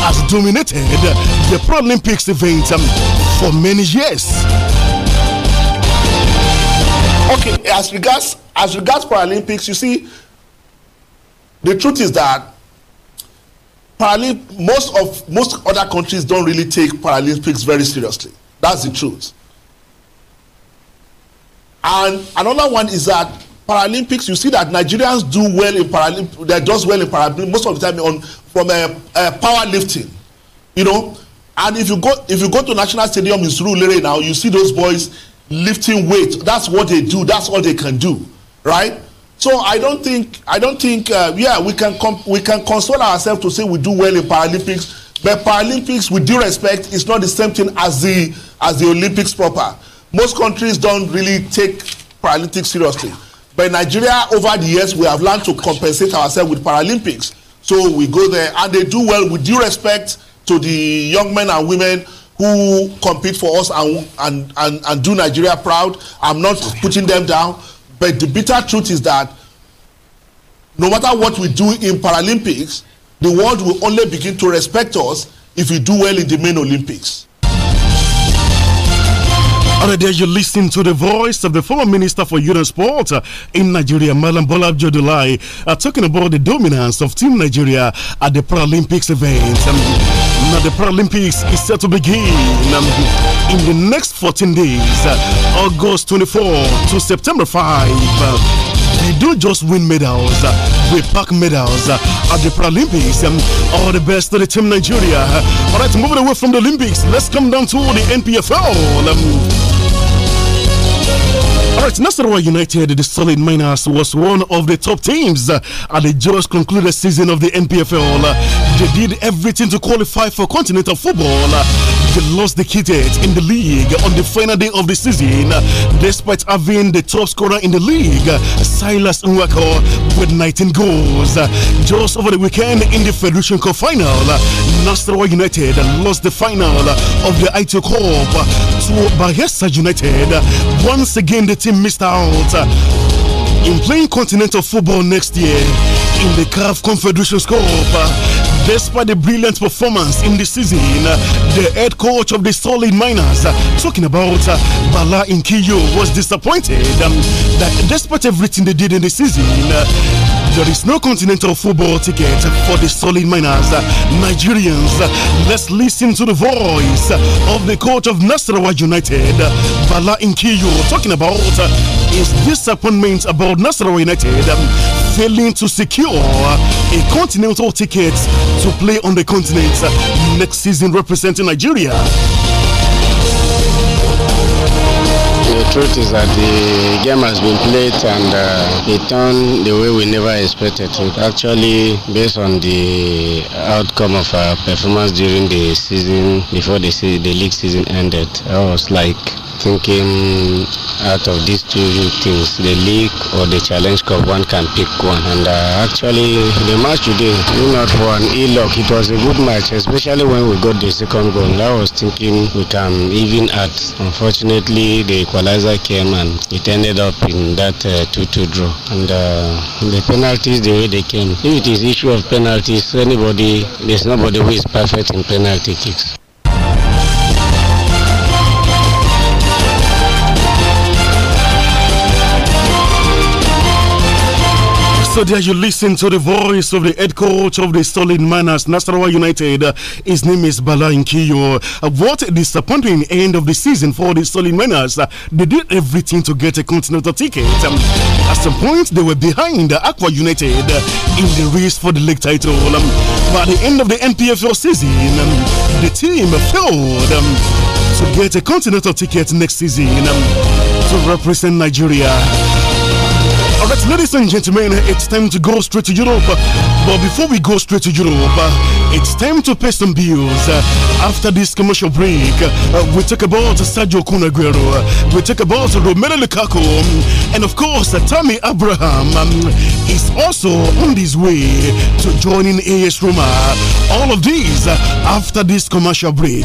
has dominated the Paralympics event um, for many years. Okay, as regards as regards Paralympics, you see, the truth is that Paralymp- most of most other countries don't really take Paralympics very seriously. That's the truth. And another one is that Paralympics, you see that Nigerians do well in Paralympics. They does well in Paralympics most of the time on from a uh, uh, powerlifting, you know. And if you go if you go to National Stadium in Surulere now, you see those boys lifting weight That's what they do. That's all they can do, right? So I don't think I don't think uh, yeah we can comp- we can console ourselves to say we do well in Paralympics, but Paralympics with due respect is not the same thing as the as the Olympics proper. Most countries don't really take Paralympics seriously, but in Nigeria over the years we have learned to compensate ourselves with Paralympics. So we go there and they do well with due respect to the young men and women who compete for us and, and, and, and do Nigeria proud. I'm not putting them down. But the bitter truth is that no matter what we do in Paralympics, the world will only begin to respect us if we do well in the main Olympics. Right there, you listen to the voice of the former Minister for Youth and Sport uh, in Nigeria, Malam Bola Jodulai, uh, talking about the dominance of Team Nigeria at the Paralympics event. Um, now, the Paralympics is set to begin um, in the next 14 days, uh, August 24 to September 5. Uh, we don't just win medals, we uh, pack medals uh, at the Paralympics. Um, all the best to the team Nigeria. All right, moving away from the Olympics, let's come down to the NPFL. Um. All right, Nasarawa United, the solid miners, was one of the top teams uh, at the just concluded season of the NPFL. Uh, they did everything to qualify for continental football. Uh, they lost the Kitted in the league on the final day of the season, despite having the top scorer in the league, Silas Nwako, with 19 goals. Just over the weekend in the Federation Cup final, Nasarawa United lost the final of the ITO Cup to Bayelsa United. Once again, the Mr. missed out uh, in playing continental football next year in the Craft Confederation Cup Despite the brilliant performance in the season, the head coach of the Solid Miners, uh, talking about uh, Bala Inkiyo, was disappointed um, that despite everything they did in the season, uh, there is no continental football ticket for the solid miners, Nigerians. Let's listen to the voice of the coach of Nasarawa United, Bala Inkiyo, talking about his disappointment about Nasarawa United um, failing to secure a continental tickets to play on the continent next season representing Nigeria? The truth is that the game has been played and uh, it turned the way we never expected it. Actually, based on the outcome of our performance during the season, before the, se the league season ended, I was like thinking out of these two things, the league or the challenge cup, one can pick one. And uh, actually, the match today, we not won e-lock. It was a good match, especially when we got the second goal. I was thinking we can even at. Unfortunately, the equalizer came and it ended up in that 2-2 uh, draw. And uh, the penalties, the way they came. If it is issue of penalties, anybody, there's nobody who is perfect in penalty kicks. So there you listen to the voice of the head coach of the Solid Manners, Nasarawa United. his name is Bala Nkiyo. Uh, what a disappointing end of the season for the Solid Manners. Uh, they did everything to get a continental ticket. Um, at some point, they were behind Aqua United uh, in the race for the league title. But um, by the end of the NPFL season, um, the team failed to get a continental ticket next season to represent Nigeria. All right, ladies and gentlemen, it's time to go straight to Europe. But before we go straight to Europe, it's time to pay some bills. After this commercial break, we talk about Sergio Cunaguero, we talk about Romelu Lukaku, and of course, Tammy Abraham is also on his way to joining AS Roma. All of these after this commercial break.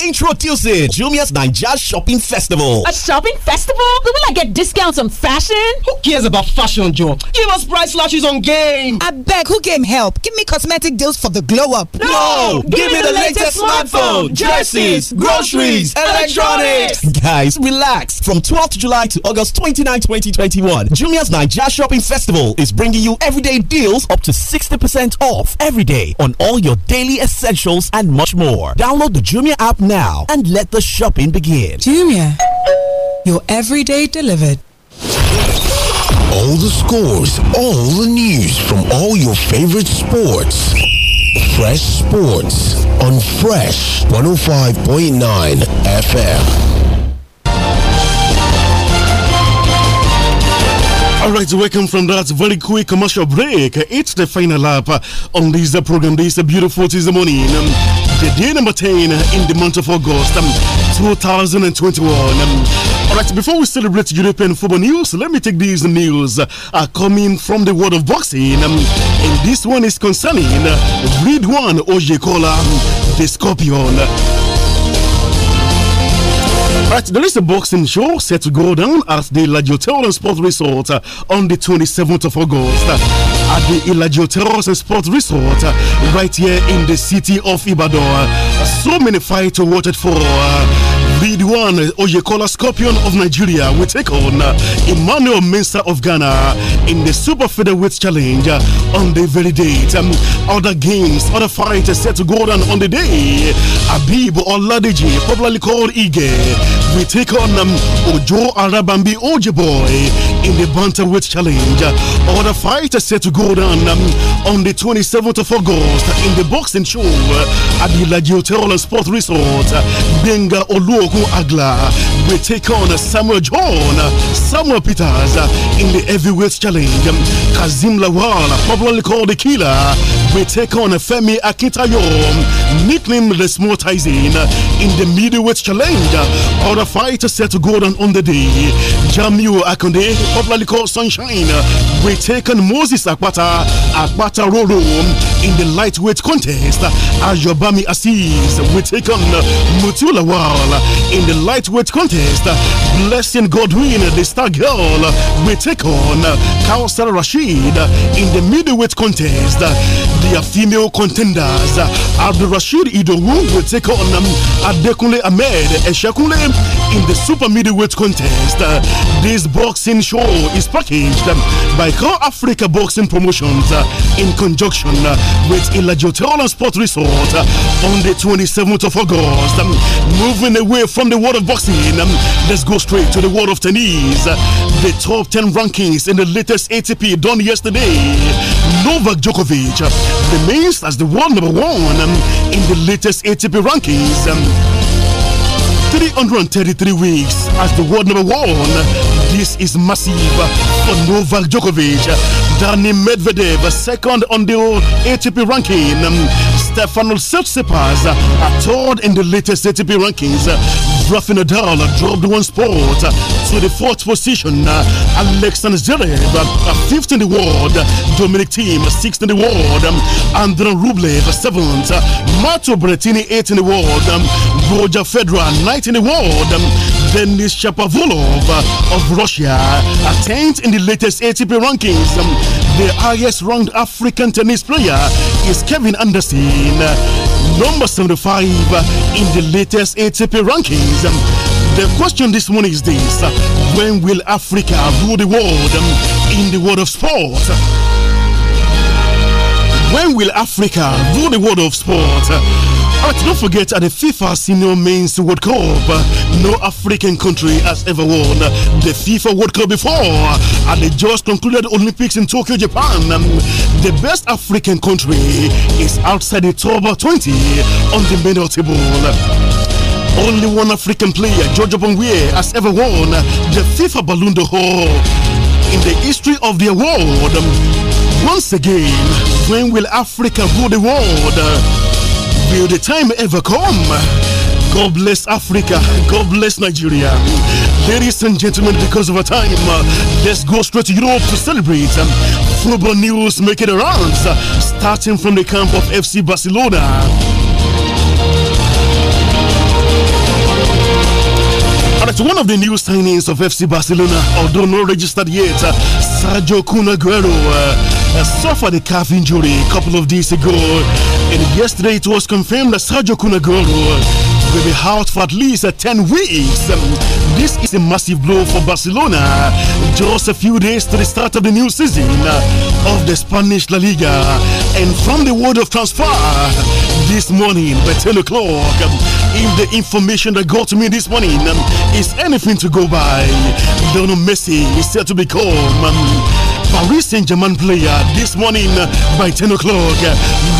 Intro Tuesday, Jumia's Niger Shopping Festival. A shopping festival? We will I get discounts on fashion? Who cares about fashion, Joe? Give us price slashes on game. I beg, who game help? Give me cosmetic deals for the glow up. No! no give, give, me, me the, the, latest, latest smartphone, jerseys, groceries, electronics. Guys, relax. From 12th July to August 29, 2021, Jumia's Niger Shopping Festival is bringing you everyday deals up to 60% off every day on all your daily essentials and much more. Download the Jumia app now and let the shopping begin. Junior, your everyday delivered. All the scores, all the news from all your favorite sports. Fresh Sports on Fresh 105.9 FM. All right, welcome from that very quick commercial break. It's the final lap on this program. This beautiful Tuesday morning the day number 10 in the month of August um, 2021. Um, all right, before we celebrate European football news, let me take these news uh, coming from the world of boxing. Um, and this one is concerning uh, Ridwan Ojekola, um, the Scorpion. Right, there is a boxing show set to go down at the Ilaji Hotel Sports Resort uh, on the 27th of August uh, at the Ilaji Hotel Sports Resort uh, right here in the city of Ibadan. So many fights awarded for. 21, Oyekola Scorpion of Nigeria will take on uh, Emmanuel Mensah of Ghana in the Super Featherweight Challenge uh, on the very date. Um, other games, other fights set to go on on the day. Abib Oladeji, popularly called Ige, will take on um, Ojo Arabambi Ojeboy in the Bantamweight Challenge. all fight is set to go down um, on the 27th of August in the boxing show at the Lagi Hotel and Sport Resort. Benga Oluoku Agla will take on Samuel John, Samuel Peters in the Heavyweight Challenge. Um, Kazim Lawal, popularly called the Killer, will take on Femi Akintayo, nicknamed The Small in the Middleweight Challenge. All fight is set to go down on the day. Jamil Akonde popularly called Sunshine, we taken Moses Akpata, Akpata Roro in the lightweight contest. Ajobami Assis, we taken Mutula Wal in the lightweight contest. Blessing Godwin, the star girl, we take on Kausar Rashid in the middleweight contest. Their female contenders, Abdul Rashid Idowu, will take on Adekule Adekunle Ahmed Shakule in the super middleweight contest. This boxing show Soul is packaged um, by Core Africa Boxing Promotions uh, in conjunction uh, with Ilajotero Sport Resort uh, on the 27th of August. Um, moving away from the world of boxing, um, let's go straight to the world of tennis. The top 10 rankings in the latest ATP done yesterday. Novak Djokovic remains as the world number one in the latest ATP rankings. 333 weeks as the world number one this is massive for Novak Djokovic. Dani Medvedev, second on the ATP ranking. Stefanos Tsitsipas, third in the latest ATP rankings. Rafa Nadal dropped one spot to the fourth position. Uh, Alexander Zverev, uh, fifth in the world. Dominic Thiem, uh, sixth in the world. Um, Andrei Rublev, seventh. Matteo Berrettini, eighth in the world. Um, Roger Federer, ninth in the world. Um, Denis Shapovalov of Russia, 10th in the latest ATP rankings. The highest ranked African tennis player is Kevin Anderson number 75 in the latest ATP rankings. The question this morning is this When will Africa rule the world in the world of sport? When will Africa rule the world of sport? But don't forget, at the FIFA Senior Men's World Cup, no African country has ever won the FIFA World Cup before. At the just concluded Olympics in Tokyo, Japan, the best African country is outside the top 20 on the medal table. Only one African player, George Bongwe, has ever won the FIFA Ballon d'Or in the history of the award. Once again, when will Africa rule the world? will the time ever come? God bless Africa. God bless Nigeria. Ladies and gentlemen, because of our time, uh, let's go straight to Europe to celebrate. Um, football news making the rounds, uh, starting from the camp of FC Barcelona. it's one of the new signings of FC Barcelona, although not registered yet, uh, Sergio Kun Uh uh, suffered a calf injury a couple of days ago. And yesterday it was confirmed that Sergio Kunagoro will be out for at least uh, 10 weeks. Um, this is a massive blow for Barcelona. Just a few days to the start of the new season uh, of the Spanish La Liga. And from the world of transfer, this morning by 10 o'clock, um, if the information that got to me this morning um, is anything to go by, Lionel Messi is set to become um, Paris Saint-Germain player this morning by 10 o'clock.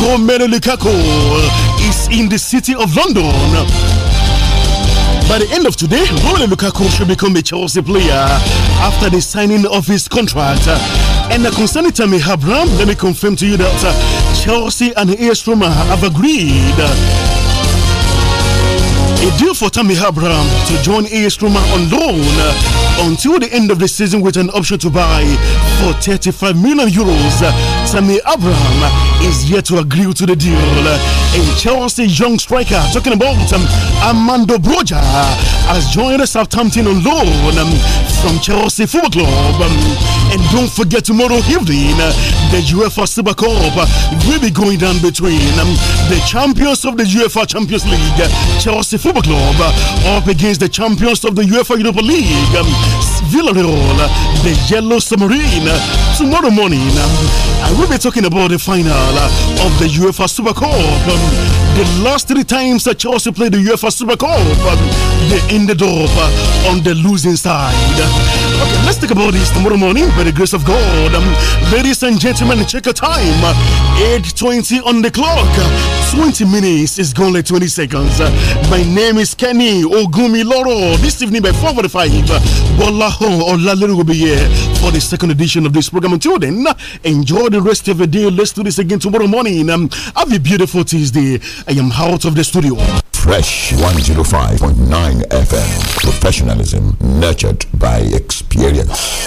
Romelu Lukaku is in the city of London. By the end of today, Romelu Lukaku should become a Chelsea player after the signing of his contract. And concerning Tammy Abraham, let me confirm to you that Chelsea and AS Roma have agreed a deal for Tammy Abraham to join AS Roma on loan until the end of the season with an option to buy for 35 million euros. Tammy Abraham is yet to agree to the deal. a Chelsea young striker, talking about um, Amando Broja, has joined Southampton on loan um, from Chelsea Football Club. Um, and don't forget tomorrow evening, the UEFA Super Cup will be going down between um, the champions of the UEFA Champions League, Chelsea Football Club, up against the champions of the UEFA Europa League, um, Villarreal, the Yellow Submarine. Tomorrow morning, um, I will be talking about the final of the UEFA Super Cup. The last three times that Chelsea played the UEFA Super Cup, they ended up uh, on the losing side. Okay, let's talk about this tomorrow morning by the grace of God. Um, ladies and gentlemen, check your time. 8.20 on the clock. 20 minutes is gone like 20 seconds. My name is Kenny Ogumi Loro. This evening by 4.45, Bola Ho will be here for the second edition of this program. Until then, enjoy the rest of the day. Let's do this again tomorrow morning. Um, have a beautiful Tuesday. I am out of the studio. Fresh 105.9 FM. Professionalism nurtured by experience.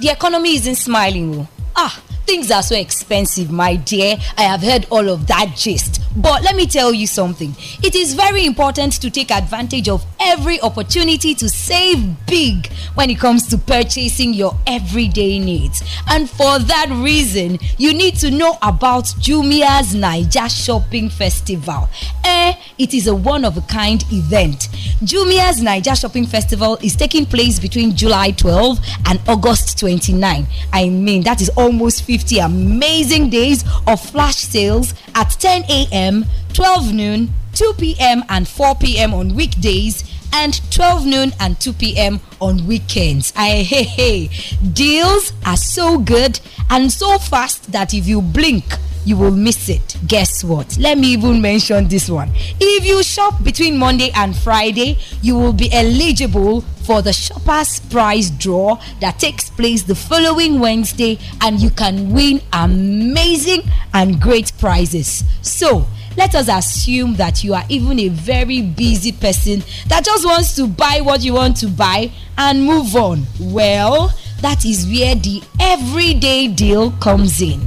the economy isn't smiling. Oh. Ah things are so expensive, my dear. I have heard all of that gist. But let me tell you something. It is very important to take advantage of every opportunity to save big when it comes to purchasing your everyday needs. And for that reason, you need to know about Jumia's Niger Shopping Festival. Eh, it is a one of a kind event. Jumia's Niger Shopping Festival is taking place between July 12 and August 29. I mean, that is almost 50 50 amazing days of flash sales at 10 a.m., 12 noon, 2 p.m., and 4 p.m. on weekdays and 12 noon and 2 p.m. on weekends. I hey hey, deals are so good and so fast that if you blink, you will miss it. Guess what? Let me even mention this one. If you shop between Monday and Friday, you will be eligible for the shoppers prize draw that takes place the following Wednesday and you can win amazing and great prizes. So, let us assume that you are even a very busy person that just wants to buy what you want to buy and move on. Well, that is where the everyday deal comes in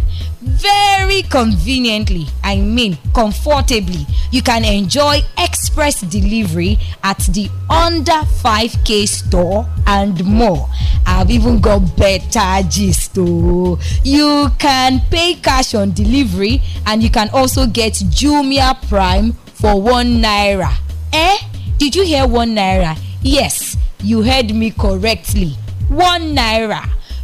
very conveniently, I mean comfortably, you can enjoy express delivery at the under 5k store and more. I've even got better gist too. Oh. You can pay cash on delivery and you can also get Jumia Prime for 1 naira. Eh? Did you hear 1 naira? Yes, you heard me correctly. 1 naira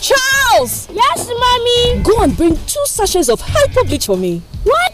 Charles! Yes, mommy? Go and bring two sachets of hyper bleach for me. What?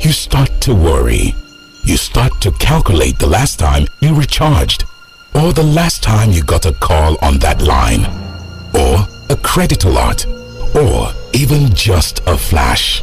you start to worry. You start to calculate the last time you recharged, or the last time you got a call on that line, or a credit alert, or even just a flash.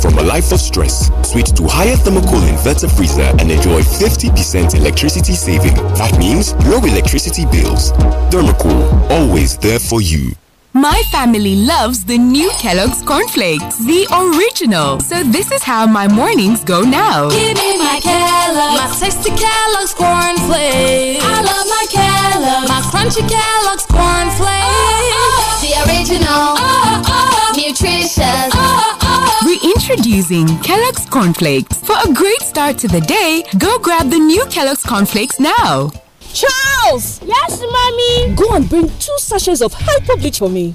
from a life of stress. Switch to higher thermocool inverter freezer and enjoy 50% electricity saving. That means low electricity bills. Thermocool, always there for you. My family loves the new Kellogg's cornflakes, the original. So this is how my mornings go now. Give me my Kellogg's, my tasty Kellogg's cornflakes. I love my Kellogg's, my crunchy Kellogg's cornflakes. Oh, oh. oh. The original, oh, oh. nutritious. Oh, oh. Introducing Kellogg's Cornflakes. For a great start to the day, go grab the new Kellogg's Cornflakes now. Charles! Yes, mommy? Go and bring two sachets of hyper bleach for me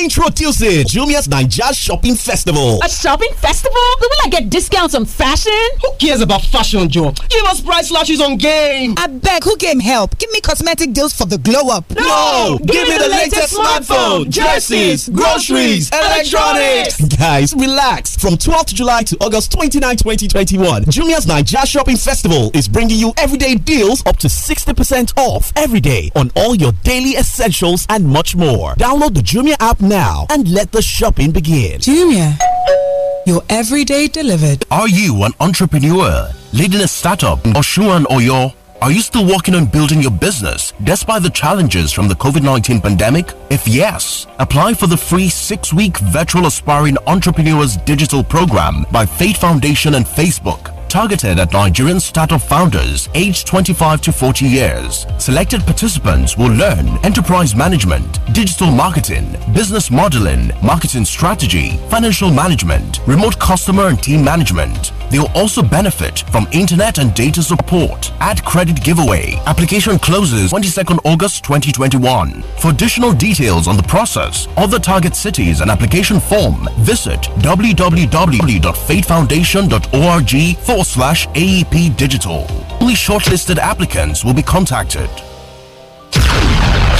Intro Tuesday, Jumia's Ninja Shopping Festival. A shopping festival? Will I get discounts on fashion? Who cares about fashion, Joe? Give us price slashes on game. I beg, who game help? Give me cosmetic deals for the glow up. No! no give, give, me the, the latest, latest smartphone, dresses, groceries, electronics. Guys, relax. From 12th July to August 29, 2021, Jumia's Ninja Shopping Festival is bringing you everyday deals up to 60% off every day on all your daily essentials and much more. Download the Jumia app now and let the shopping begin. Junior, your everyday delivered. Are you an entrepreneur, leading a startup, or Shuan or your? Are you still working on building your business despite the challenges from the COVID 19 pandemic? If yes, apply for the free six week virtual aspiring entrepreneurs digital program by Faith Foundation and Facebook targeted at Nigerian startup founders aged 25 to 40 years. Selected participants will learn enterprise management, digital marketing, business modeling, marketing strategy, financial management, remote customer and team management. They'll also benefit from internet and data support. Ad credit giveaway. Application closes 22nd August 2021. For additional details on the process, other target cities and application form, visit www.fatefoundation.org forward forward slash AEP Digital. Only shortlisted applicants will be contacted.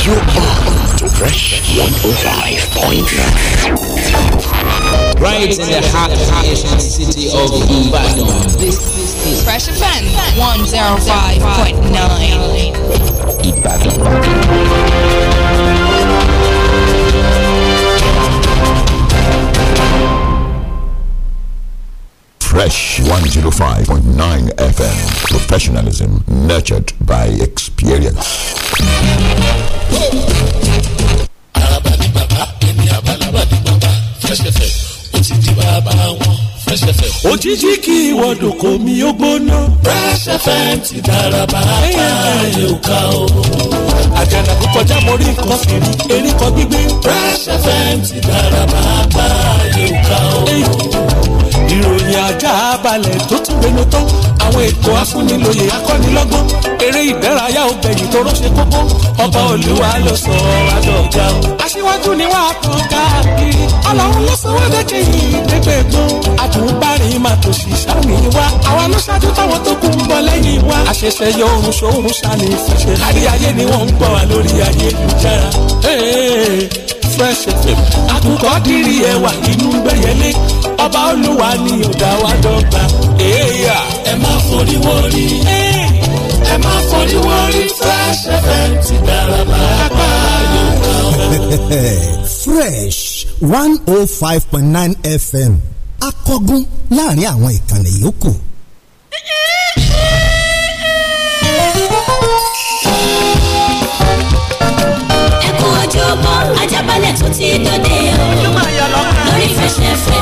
You are to Fresh 105.9. Right in the heart of the city of Ibadan. This is Fresh Offense 105.9. Ibadan. Fresh 105.9 FM. Professionalism nurtured by experience. Fresh FM. Ó ti bàbá wọn. Fresh FM. Òjijì kí ìwọ́dùn kò mí ó gbóná. Fresh FM ti dára bàbá ayé ò ká o. Àjànà kò kọjá mo rí nǹkan fìrí, erékọ gbígbé. Fresh FM ti dára bàbá ayé ò ká ka o ìròyìn ajá balẹ̀ tó tún gbénu tán àwọn ètò afúnilòyè akọ́nilọ́gbọ́n eré ìdárayá obìnrin tó rọ́ṣẹ́ kókó ọba olúwa ló sọ adọ́jà o. aṣíwájú ni wàá kàn káàkiri ọlọ́run ló sọ wá dẹ́kẹ́ yìí dẹ́gbẹ̀gbọ́n àdùnbárin máa tó sì sáàmì wá àwa ló ṣáájú táwọn tó kù ń bọ̀ lẹ́yìn wá. àṣẹṣẹ yọ oorun ṣòun ṣàní ìfẹsẹ̀ kárí ni wọ́n ń gbọ́ wa lórí ayélujára fresh fm akukọdiri ẹwà inú gbẹyẹlé ọba olúwa ni ọ̀dà wa dọ́gba. ẹ má forí wọrí ẹ má forí wọrí fresh fm ti dára pàápàá yóò kàn. fresh one oh five point nine fm akọgun láàrin àwọn ìkànnì yòókù. tún ti dòde o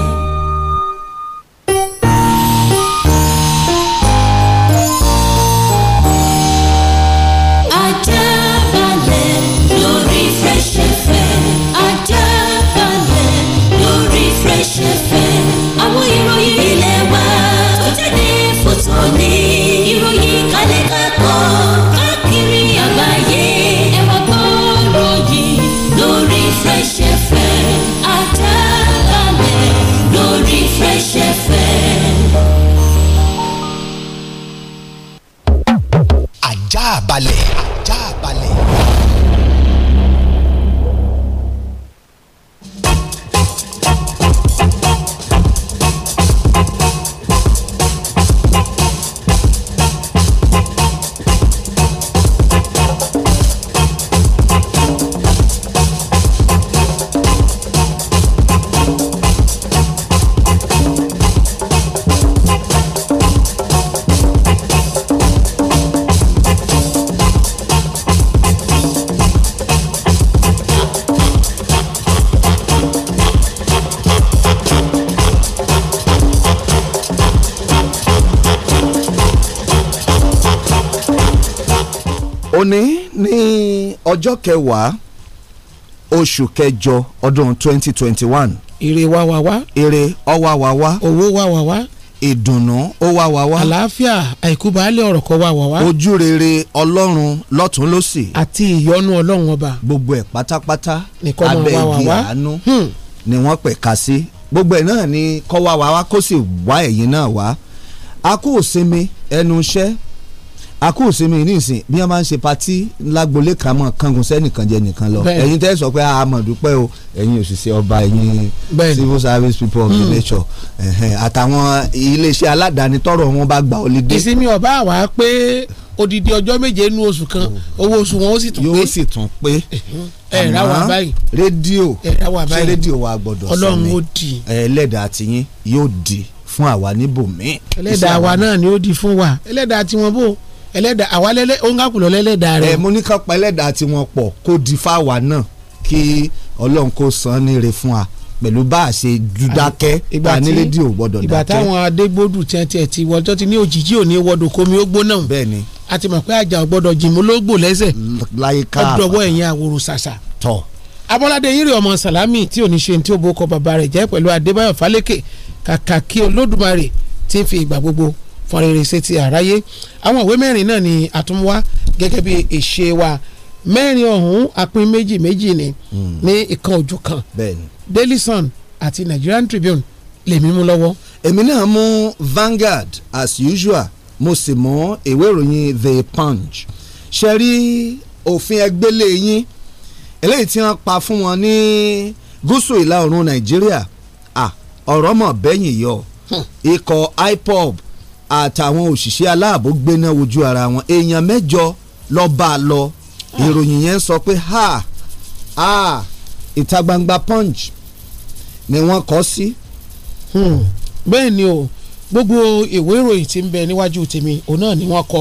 ọjọ́ kẹwàá oṣù kẹjọ ọdún twenty twenty one. ire wa wa wa. ire ọwa wa wa. owó wa wa wa. ìdùnnú ó wa wa wa. àlàáfíà àìkúbálẹ̀ ọ̀rọ̀ kọ́ wa wa wa. ojú rere ọlọ́run lọ́tún lọ́sì. àti ìyọ́nú ọlọ́run ọba. gbogbo ẹ̀ pátápátá abẹ́ igi àánú hmm. ni wọ́n pẹ̀ka sí gbogbo ẹ̀ náà ni kọ́ wa wa wa kó sì wá ẹ̀yìn náà wá. a kú òsinmi ẹnu iṣẹ́ àkóòsinmi nísìn bí wọn máa ń ṣe patí lágbolé kan mọ kangun sẹ́nìkan jẹ nìkan lọ ẹ̀yin tẹ́ sọ pé a mọ̀ dúpẹ́ o ẹ̀yin òṣìṣẹ́ ọba ẹ̀yin civil service people of the hmm. nature àtàwọn iléeṣẹ́ aládàáni tọrọ wọn bá gba olídé. ìsinmi ọba àwa pé odidi ọjọ́ méje nínú oṣù kan hmm. owó oṣù wọn ó sì tún pé yóò sì tún pé àmọ́ rédíò ṣé rédíò wa gbọ́dọ̀ sọ mi ẹlẹ́dàá tiyín yóò di fún àwa níbòmí. ẹlẹ́dàá wa náà ni ó di fún wa ẹlẹ́dàá tiwọn bò ẹlẹ́dàá àwa lẹ́lẹ́ ó ń kà kùlọ̀ lẹ́lẹ́dàá rẹ. ẹ mo ní ká pa ẹlẹ́dàá tí wọ́n pọ̀ kó di fáwa náà kí ọlọ́run kó san ní re fún wa pẹ̀lú bá a ṣe dúdákẹ́ ta ní rédíò gbọ́dọ̀ dákẹ́. ìgbà táwọn adégbòdù tiẹ̀ ti wọ́n tó ti ní òjijì òní wọ́dọ̀ komi ó gbóná. bẹ́ẹ̀ni. a ti mọ̀ pé àjà ò gbọ́dọ̀ jìn mú lóògbò lẹ́sẹ̀. Mm, láyé ká àpá ọdọwọ ẹ̀yìn àwòrò ṣàṣà. tọ. abọ́ládé yìírí ọmọ sàlámì tí ò ní ṣe tí ó bó kọ bàbá rẹ̀ jẹ́ pẹ̀lú adébáyọ̀ fálékè kàkà kí olódùmarè ti fi ìgbà gbogbo fọnrẹ́rẹ́ sétí àráyé àwọn ìwé mẹ́rin náà ni àtúnwá gẹ́gẹ́ bí ìṣe wa mẹ́rin ọ̀hún apin méjì méjì ni hmm. ní ìkan ojú kan Daily Sun àti Nigerian Tribune lèmi mú lọ́wọ́. èmi náà mú Vanguard as usual mo sì mọ ìwé ìròyìn The Punch ṣe rí òfin ẹgbẹ́lé yín eléyìí tí wọ́n pa fún wọn ní gúúsù ìlà oòrùn Nàìjíríà ọ̀rọ̀ mọ̀ bẹ́yìn yọ hmm. ikọ̀ IPOB àtàwọn òṣìṣẹ́ aláàbò gbéná wojú ara wọn èèyàn mẹ́jọ ló bá a lọ ìròyìn yẹn sọ pé ha ha ìta gbangba punch ni wọ́n kọ sí. Hmm. bẹ́ẹ̀ ni o gbogbo ìwé ìròyìn tí ń bẹ níwájú tèmi òun náà ni wọ́n kọ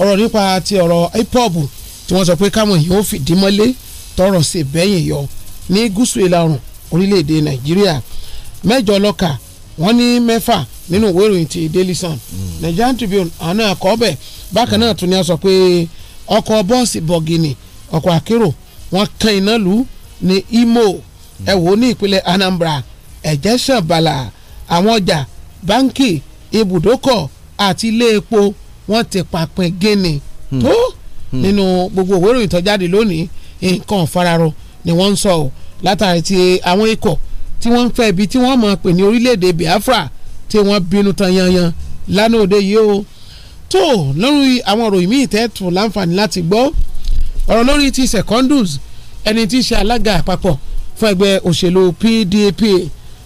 ọ̀rọ̀ nípa ti ọ̀rọ̀ IPOB tí wọ́n sọ pé káwọn yìí ó fìdí mọ́lé tọrọ sí bẹ́yìn yọ ní gúúsù ìlà oòrùn orílẹ̀-èdè Nàìjíríà mẹ́jọ lọ́kà wọ́n ní mẹ́fà nínú ìwé ìròyìn ti Daily Sun hmm. Nigerian Tribune àwọn náà kọ́ bẹ̀ bákan náà tún ni a sọ pé ọkọ̀ bọ́ọ̀sì bọ̀gìnì ọkọ̀ akérò wọ́n kan iná lù ní Imo hmm. ẹ wò ó ní ìpínlẹ̀ Anambra ẹ̀jẹ̀ sàn bàlà àwọn ọjà báńkì ibùdókọ̀ àti ilé epo wọ́n ti pàpín gíní hmm. tó nínú gbogbo ìwé ìròyìn tó jáde lónìí nǹkan fararọ ni wọ́n ń sọ ọ́ látàrí ti àwọn ikọ̀ tí wọ́n ń fẹ́ ibi tí wọ́n mọ̀ pé ní orílẹ̀-èdè Biafra tí wọ́n bínú tan yanyan lánàá òde yìí o tó lórí àwọn òròyìn míì tẹ́tù láǹfààní láti gbọ́ ọ̀rọ̀ lórí ti secondus ẹni tí í ṣe alága àpapọ̀ fún ẹgbẹ́ òṣèlú PDP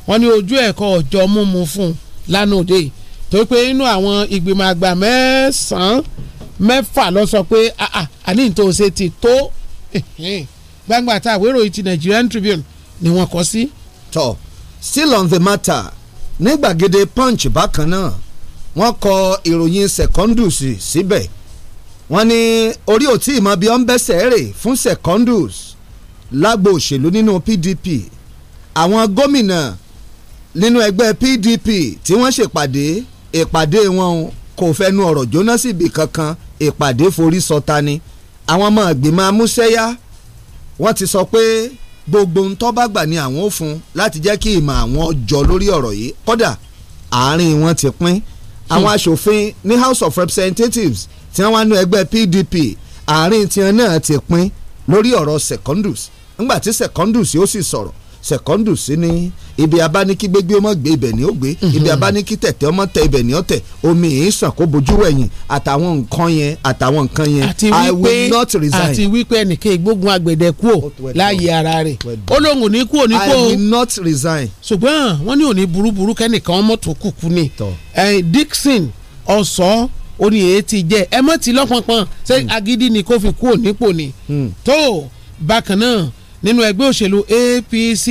wọ́n ní ojú ẹ̀kọ́ ọ̀jọ́ múmu fún lánàá òde yìí tó pé inú àwọn ìgbìmọ̀ àgbà mẹ́sàn-án mẹ́fà lọ sọ pé àní ìtòsí ti tó gbangba tá àwérò ti Nigerian Tribune ni wọ́n kọ sí. Si tọ̀ still on the matter ní gbàgede punch bákan náà wọ́n kọ ìròyìn secondus síbẹ̀ wọ́n ní orí òtí ìmọ̀ bí wọ́n ń bẹ́sẹ̀ rè fún secondus lágbo òṣèlú nínú PDP àwọn gómìnà nínú ẹgbẹ́ PDP tí wọ́n ṣèpàdé ìpàdé wọn kò fẹnu ọ̀rọ̀ jóná síbi kankan ìpàdé forí sọta ni àwọn ọmọ ìgbìmọ̀ amúṣẹ́yá wọ́n ti sọ pé gbogbo ń tọ́ bá gbà ni àwọn ò fún láti jẹ́ kí ìmọ̀ àwọn jọ lórí ọ̀rọ̀ yìí kódà àárín wọn ti pín àwọn aṣòfin ní House of Representatives tí wọ́n wá nú ẹgbẹ́ PDP àárín tiwọn náà ti pín lórí ọ̀rọ̀ Secondus ńgbà tí Secondus yóò sì sọ̀rọ̀ sẹ̀kọ́ndù sí ni ibi abánikí gbégbé ọmọ gbé ibẹ̀ ni ó gbé mhm. ibi abánikí tẹ̀tẹ̀ ọmọ tẹ ibẹ̀ ni ó tẹ̀ omi yìí sàn kó bojú wẹ̀yìn àtàwọn nǹkan yẹn àtàwọn nǹkan yẹn I will not resign. àti wípé ẹnìkan ìgbógun agbẹ̀dẹ kú ò láàyè ara rẹ̀ ó lóun ò ní kú ò ní kú ò. I will not resign. ṣùgbọ́n wọ́n ní òní burúburú kẹ́nìkan mọ́tò kùkú ni Dixon ọ̀sọ́ ó ní èyí ti jẹ́ ẹ mọ́ ti lọ́pọ̀npọ̀n ṣé hmm. agídí ni kó fi kú ò nípò ni hmm. tó bákan náà nínú ẹgbẹ́ òṣèlú APC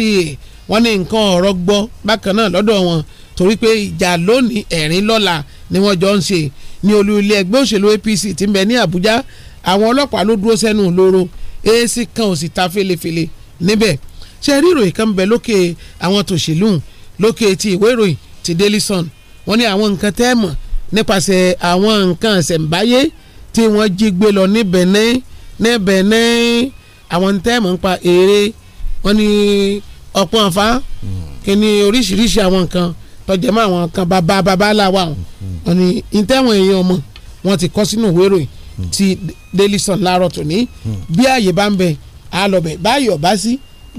wọ́n ní nǹkan ọ̀rọ̀ gbọ́ bákan náà lọ́dọ̀ wọn torí pé ìjà lónìí ẹ̀rín lọ́la ni wọ́n jọ ń ṣe ní olú ilé ẹgbẹ́ òṣèlú APC tí ń bẹ ní Àbújá àwọn ọlọ́pàá ló dúró sẹ́nu lóró èsì kan ò sì ta felefele níbẹ̀ ṣe rí ìròyìn kan bẹ lókè àwọn tòṣèlú lókè ti ìwé ìròyìn ti Daily Sun wọ́n ní àwọn nǹkan tẹ́ mọ̀ nípasẹ̀ àwọn nǹkan ṣẹ̀ǹbáyé tí wọ́n jí gbé lọ ní Benin ní àwọn ń tẹ́ mọ̀ ń pa eré wọ́n ní ọ̀pọ̀ àǹfà kí ni oríṣiríṣi àwọn nǹkan tọ́jẹ́ mọ́ àwọn kan bàbá bàbá làwà wọ́n ní ń tẹ́wọ̀n èèyàn ọmọ wọ́n ti kọ́ sínú ìwé ìròyìn ti Daily Sun láàárọ̀ tòní bí ààyè bá ń bẹ á lọ bẹ̀ báyìí ọ̀bá sí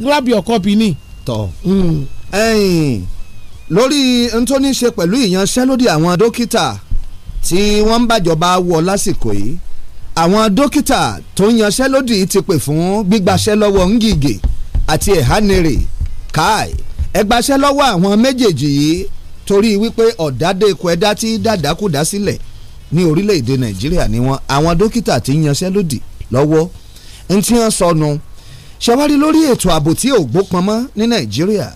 grab your copy ni. tọ́ hmm. ẹ̀yìn lórí n tó ní í ṣe pẹ̀lú ìyanṣẹ́lódì àwọn dókítà tí wọ́n ń bàjọba wọ lásìkò yìí àwọn dókítà tó ń yanṣẹ́lódì ti pè fún gbígbaṣẹ́ lọ́wọ́ Ngige àti Ehanire Kai ẹgbaṣẹ́ lọ́wọ́ àwọn méjèèjì yìí torí wípé ọ̀dádé ikú ẹ̀dá tí dàdákùdá sílẹ̀ ní orílẹ̀-èdè Nàìjíríà ni wọ́n àwọn dókítà ti ń yanṣẹ́lódì lọ́wọ́ ń tí wọ́n sọnù ṣàwárí lórí ètò ààbò tí ò gbópọn mọ́ ní Nàìjíríà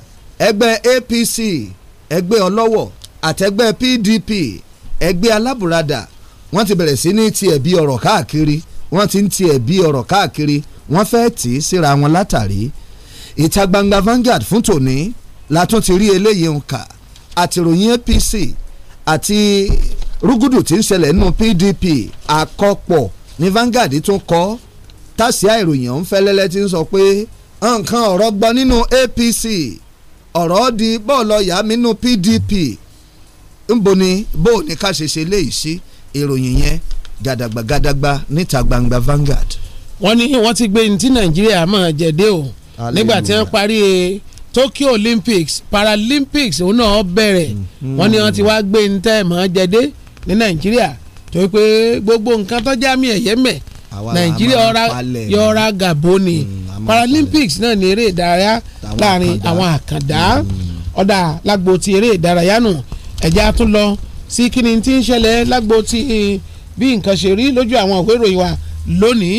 ẹgbẹ́ APC ẹgbẹ́ ọlọ́wọ̀ àtẹgbẹ́ PDP ẹgbẹ́ alábùradà wọ́n ti bẹ̀rẹ̀ sí ní tiẹ̀ bí ọ̀rọ̀ káàkiri wọ́n ti ń tiẹ̀ bí ọ̀rọ̀ káàkiri wọ́n fẹ́ tì í síra wọn látàrí ìta gbangba Vanguard fún tòní la tún ti rí eléyìí ń kà àtìròyìn APC àti rúgùdù tí ń ṣẹlẹ̀ nínú PDP àkọ́pọ̀ ní Vanguard tún kọ́ tásìá ìròyìn ọ̀hún fẹ́lẹ́lẹ́ ti ń sọ pé nǹkan ọ̀rọ̀ gbọ́ nínú APC ọ̀rọ̀ di bọ́ọ̀lù ọ̀yà nínú PDP ńbo ni bóò ní ká ṣe ṣe léyìí sí. Si ìròyìn yẹn gàdàgbà gàdàgbà níta gbangba Vanguard. wọ́n ní wọ́n ti gbé ní ti Nàìjíríà máa jẹ̀dẹ́ o nígbà tí wọ́n parí Tokyo Olympics Paralympics òun náà bẹ̀rẹ̀ mhm. wọ́n ní wọ́n ti wá gbé ní tẹ́ máa jẹ̀dẹ́ ní Nàìjíríà tó pé gbogbo nǹkan tó já mi ẹ̀yẹ́ mẹ́ Nàìjíríà yọra gàbó ni mm, Paralympics náà ní eré ìdárayá láàrin àwọn àkàndá mm. ọ̀dà lágbo ti eré ìdárayá nù ẹ̀já tún lọ sí kí ni tí ń ṣẹlẹ̀ lágbo tí bí nǹkan ṣe rí lójú àwọn òwe ìròyìn wa lónìí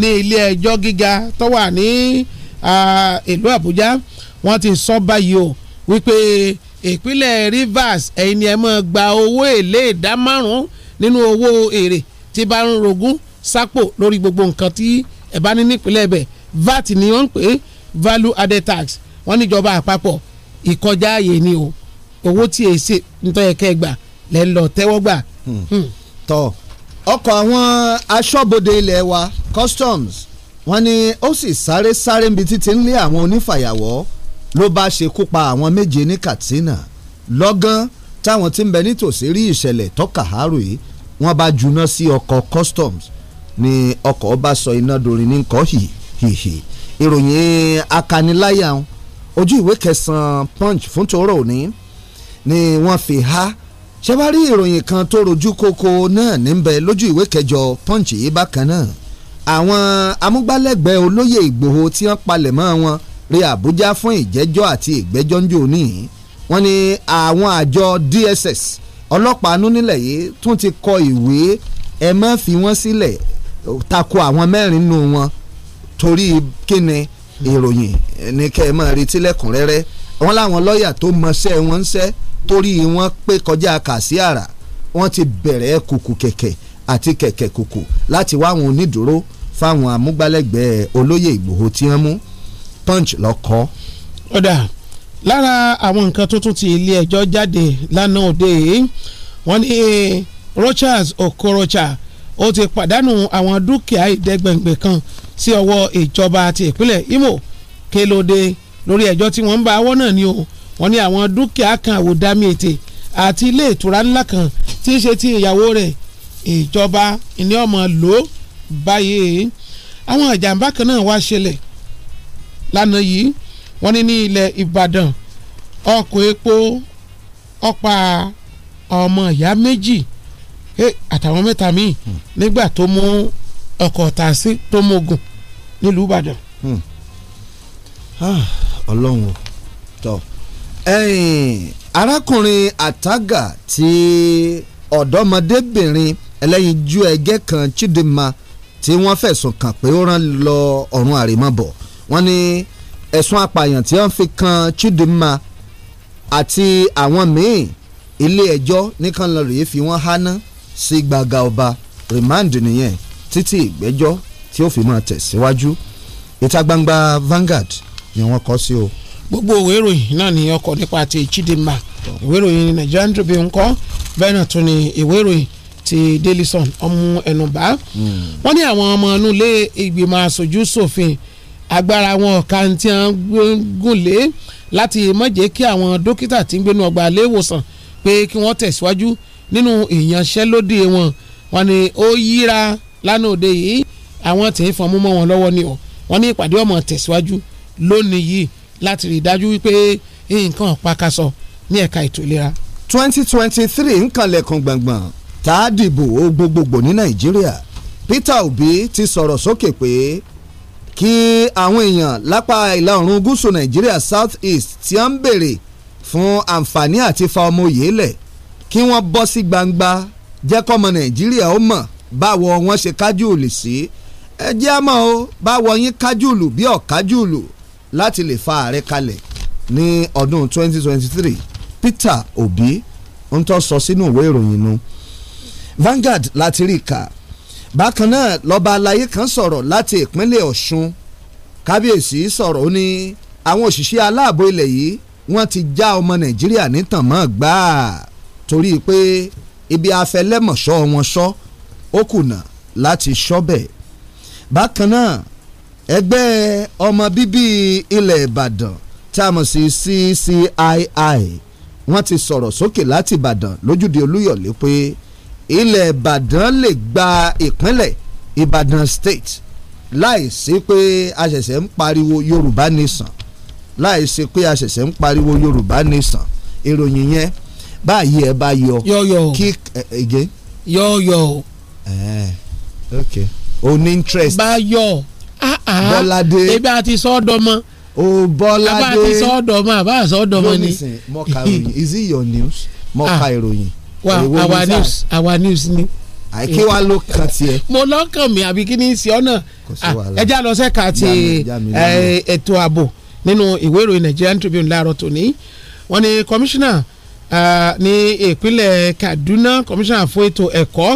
ní ilé ẹjọ́ gíga tó wà ní ìlú Àbújá wọ́n ti sọ báyìí o wípé ìpínlẹ̀ Rivers ẹ̀yin ni ẹ máa gba owó èlé ìdá márùn-ún nínú owó èrè tí bá ń rogún sápò lórí gbogbo nǹkan tí ẹ bá ní nípínlẹ̀ ibẹ̀ VAT ni wọ́n ń pè é value added tax wọ́n níjọba àpapọ̀ ìkọjá ààyè ni o owó tí èsè ń tọ́ yẹ kẹ́ gbà lẹ́lọ́ tẹ́wọ́gbà. Hmm. Hmm. tọ́ ọkọ̀ àwọn aṣọ́bodè ilé wa customs wọ́n ní ó sì sáré sáré níbi títí ń lé àwọn onífàyàwọ́ ló bá ṣekú pa àwọn méje ní Katsina lọ́gán táwọn tí ń bẹ nítòsí rí ìṣẹ̀lẹ̀ tọ́ka àárò yìí wọ́n bá juná sí ọkọ̀ customs ni ọkọ̀ bá sọ iná dorin ní nǹkan hìhì ìròyìn akaniláyà ojú ìwé kẹsàn-án punch fún tòórọ́ òní ni wọ́n fi há ṣe wá rí ìròyìn kan tó rojú kókó náà níbẹ̀ lójú ìwé kẹjọ punch yìí bákan náà àwọn amúgbálẹ́gbẹ̀ẹ́ olóyè Ìgbòho tí wọ́n palẹ̀ mọ́ wọn rí Àbújá fún ìjẹ́jọ́ àti ìgbẹ́jọ́ ń jò ní wọ́n ní àwọn àjọ DSS ọlọ́pàá anú nílẹ̀ yìí tún ti kọ ìwé ẹ má fi wọ́n sílẹ̀ tako àwọn mẹ́rin nù wọn torí kíni ìròyìn ní kẹ́ ẹ máa retí lẹ́kùnrẹ́rẹ́ wọn láwọn lọ́ọ̀yà tó mọṣẹ́ wọn ń ṣẹ́ torí wọ́n pé kọjá kàsí àrà wọ́n ti bẹ̀rẹ̀ kùkù kẹ̀kẹ́ àti kẹ̀kẹ́ kùkù láti wá àwọn onídùúró fáwọn amúgbálẹ́gbẹ̀ẹ́ olóyè Ìgbòho tí wọ́n mú punch lọ́kọ́. ọ̀dà lára àwọn nǹkan tuntun tí ilé ẹjọ́ jáde lánàá òde yìí wọ́n ní Rochas Okorocha ó ti pàdánù àwọn dúkìá ìdẹ́gbẹ̀ngbẹ̀ kan sí ọwọ́ ìjọba àti ìpínlẹ̀ Imo kí ló dé lórí ẹjọ́ tí wọ́n ń bá awọ́ náà ni o wọ́n ní àwọn dúkìá kan àwòdámì ètè àti ilé ìtura ńlá kan tí í ṣe ti ìyàwó rẹ̀ ìjọba ìní ọmọ lò báyìí àwọn ìjàmbá kan náà wá ṣẹlẹ̀ lánàá yìí wọ́n ní ní ilẹ̀ Ìbàdàn ọkọ̀ epo ọ̀pá ọmọ ìyá méjì àtàwọn mẹ́ta míì hmm. nígbà tó mú ọkọ̀ tàṣí tó mú nílùú Ìbàdàn. Hmm. Ah, Ọlọ́run tọ́ arákùnrin àtàgà tí ọ̀dọ́mọdébìnrin ẹlẹ́yinjú ẹgẹ́ kan Chidinma tí wọ́n fẹ̀sùn kàn pé ó rán lọ ọ̀run àrèmabọ̀ wọ́n ní ẹ̀sùn apààyàn tí wọ́n fi kan Chidinma àti àwọn míì ilé ẹjọ́ nìkan lọ rèé fi wọ́n háná sí gbàgà ọba rìmáǹdì nìyẹn títí ìgbẹ́jọ́ tí ó fi máa tẹ̀síwájú ìta gbangba Vanguard ni wọ́n kọ sí o gbogbo ìwé ìròyìn náà ni ọkọ̀ nípa ti Chidinma ìwé ìròyìn Nigerian Tribune ńkọ́ bẹ́ẹ̀ náà tún ni ìwé ìròyìn ti Daily Sun ọmú ẹnubá hmm. wọ́n ní àwọn ọmọ inú ilé ìgbìmọ̀ aṣojú ṣòfin agbára wọn kàǹtì gúnlé láti má jẹ́ kí àwọn dókítà tí ń gbénu ọgbà iléèwòsàn pé kí wọ́n tẹ̀síwájú nínú ìyanṣẹ́lódì wọn wọ́n ní ó yíra lánàá òde yìí àwọn tí ń fọmú mọ́ wọn lọ́wọ́ ni ọ̀ wọ́n ní ìpàdé ọmọ tẹ̀síwájú lónìí yìí láti rí i dájú wípé nǹkan pàkàṣọ ní ẹ̀ka ètò ìlera. twenty twenty three nkanlẹ̀kùn gbọ̀ngbọ̀n tá a dìbò gbogbogbò ní nàìjíríà Peter Obi ti sọ̀rọ̀ sókè pé kí àwọn èèyàn lápá ìlà oòrùn gúúsù nàìjíríà south east tí wọ́n ń béèrè fún àǹfààní àti fa ọmọ òye lẹ̀ kí wọ́n bọ́ sí gbangba jẹ́ kọ́mọ nàìjíríà ó mọ̀ báwo wọ́n ṣe kájúùlù sí ẹ jẹ́ àmọ́ o báwo yín kájúùlù bí ọ̀kájúùlù láti lè fa ààrẹ kalẹ̀ ní ọdún 2023 Peter Obi ń tọ́ sọ sínú ìwé ìròyìn nu Vanguard láti rí kà bákan náà lọ́ba aláyé kan sọ̀rọ̀ láti ìpínlẹ̀ Ọ̀ṣun kábíyèsí sọ̀rọ̀ ó ní àwọn òṣìṣẹ́ aláàbò ilẹ̀ yìí wọ́n ti já ọmọ Nàìjíríà nítàn mọ́ gbáà torí pé ibi afẹlẹ́mọ̀ṣọ́ wọn ṣọ́ ó kùnà láti ṣọ́ bẹ̀ bákan náà ẹgbẹ́ ọmọ bíbí ilẹ̀ ìbàdàn tí a mọ̀ sí CCII wọ́n ti sọ̀rọ̀ sókè láti ìbàdàn lójúde olúyọ̀lé pé ilẹ̀ ìbàdàn lè gba ìpínlẹ̀ ìbàdàn state láì sí pé a ṣẹ̀ṣẹ̀ ń pariwo yorùbá nation láì sí pé a ṣẹ̀ṣẹ̀ ń pariwo yorùbá nation ìròyìn yẹn báyìí ẹ bá yọ kí ẹgẹ. yọ yọ. ẹ ok oní interest. bá yọ bọ́ládé ebi àti sọ́ọ́dọ̀mọ́ o bọ́ládé abá àti sọ́ọ́dọ̀mọ́ abá sọ́ọ́dọ̀mọ́ ni. mo ìròyìn is it your news mo ah. ka ìròyìn. wa our news our news ni àìkí wa ló kàn tiẹ̀. mo lọ́kàn mi àbí kí ni ṣe ọ̀nà ah, ẹja lọ sẹ́ka ti ètò ààbò nínú ìwé ìròyìn Nigerian Tribune láàárọ̀ tòní wọ́n ní kọmíṣánná ní ìpínlẹ̀ Kaduna kọmíṣánná fún ètò ẹ̀kọ́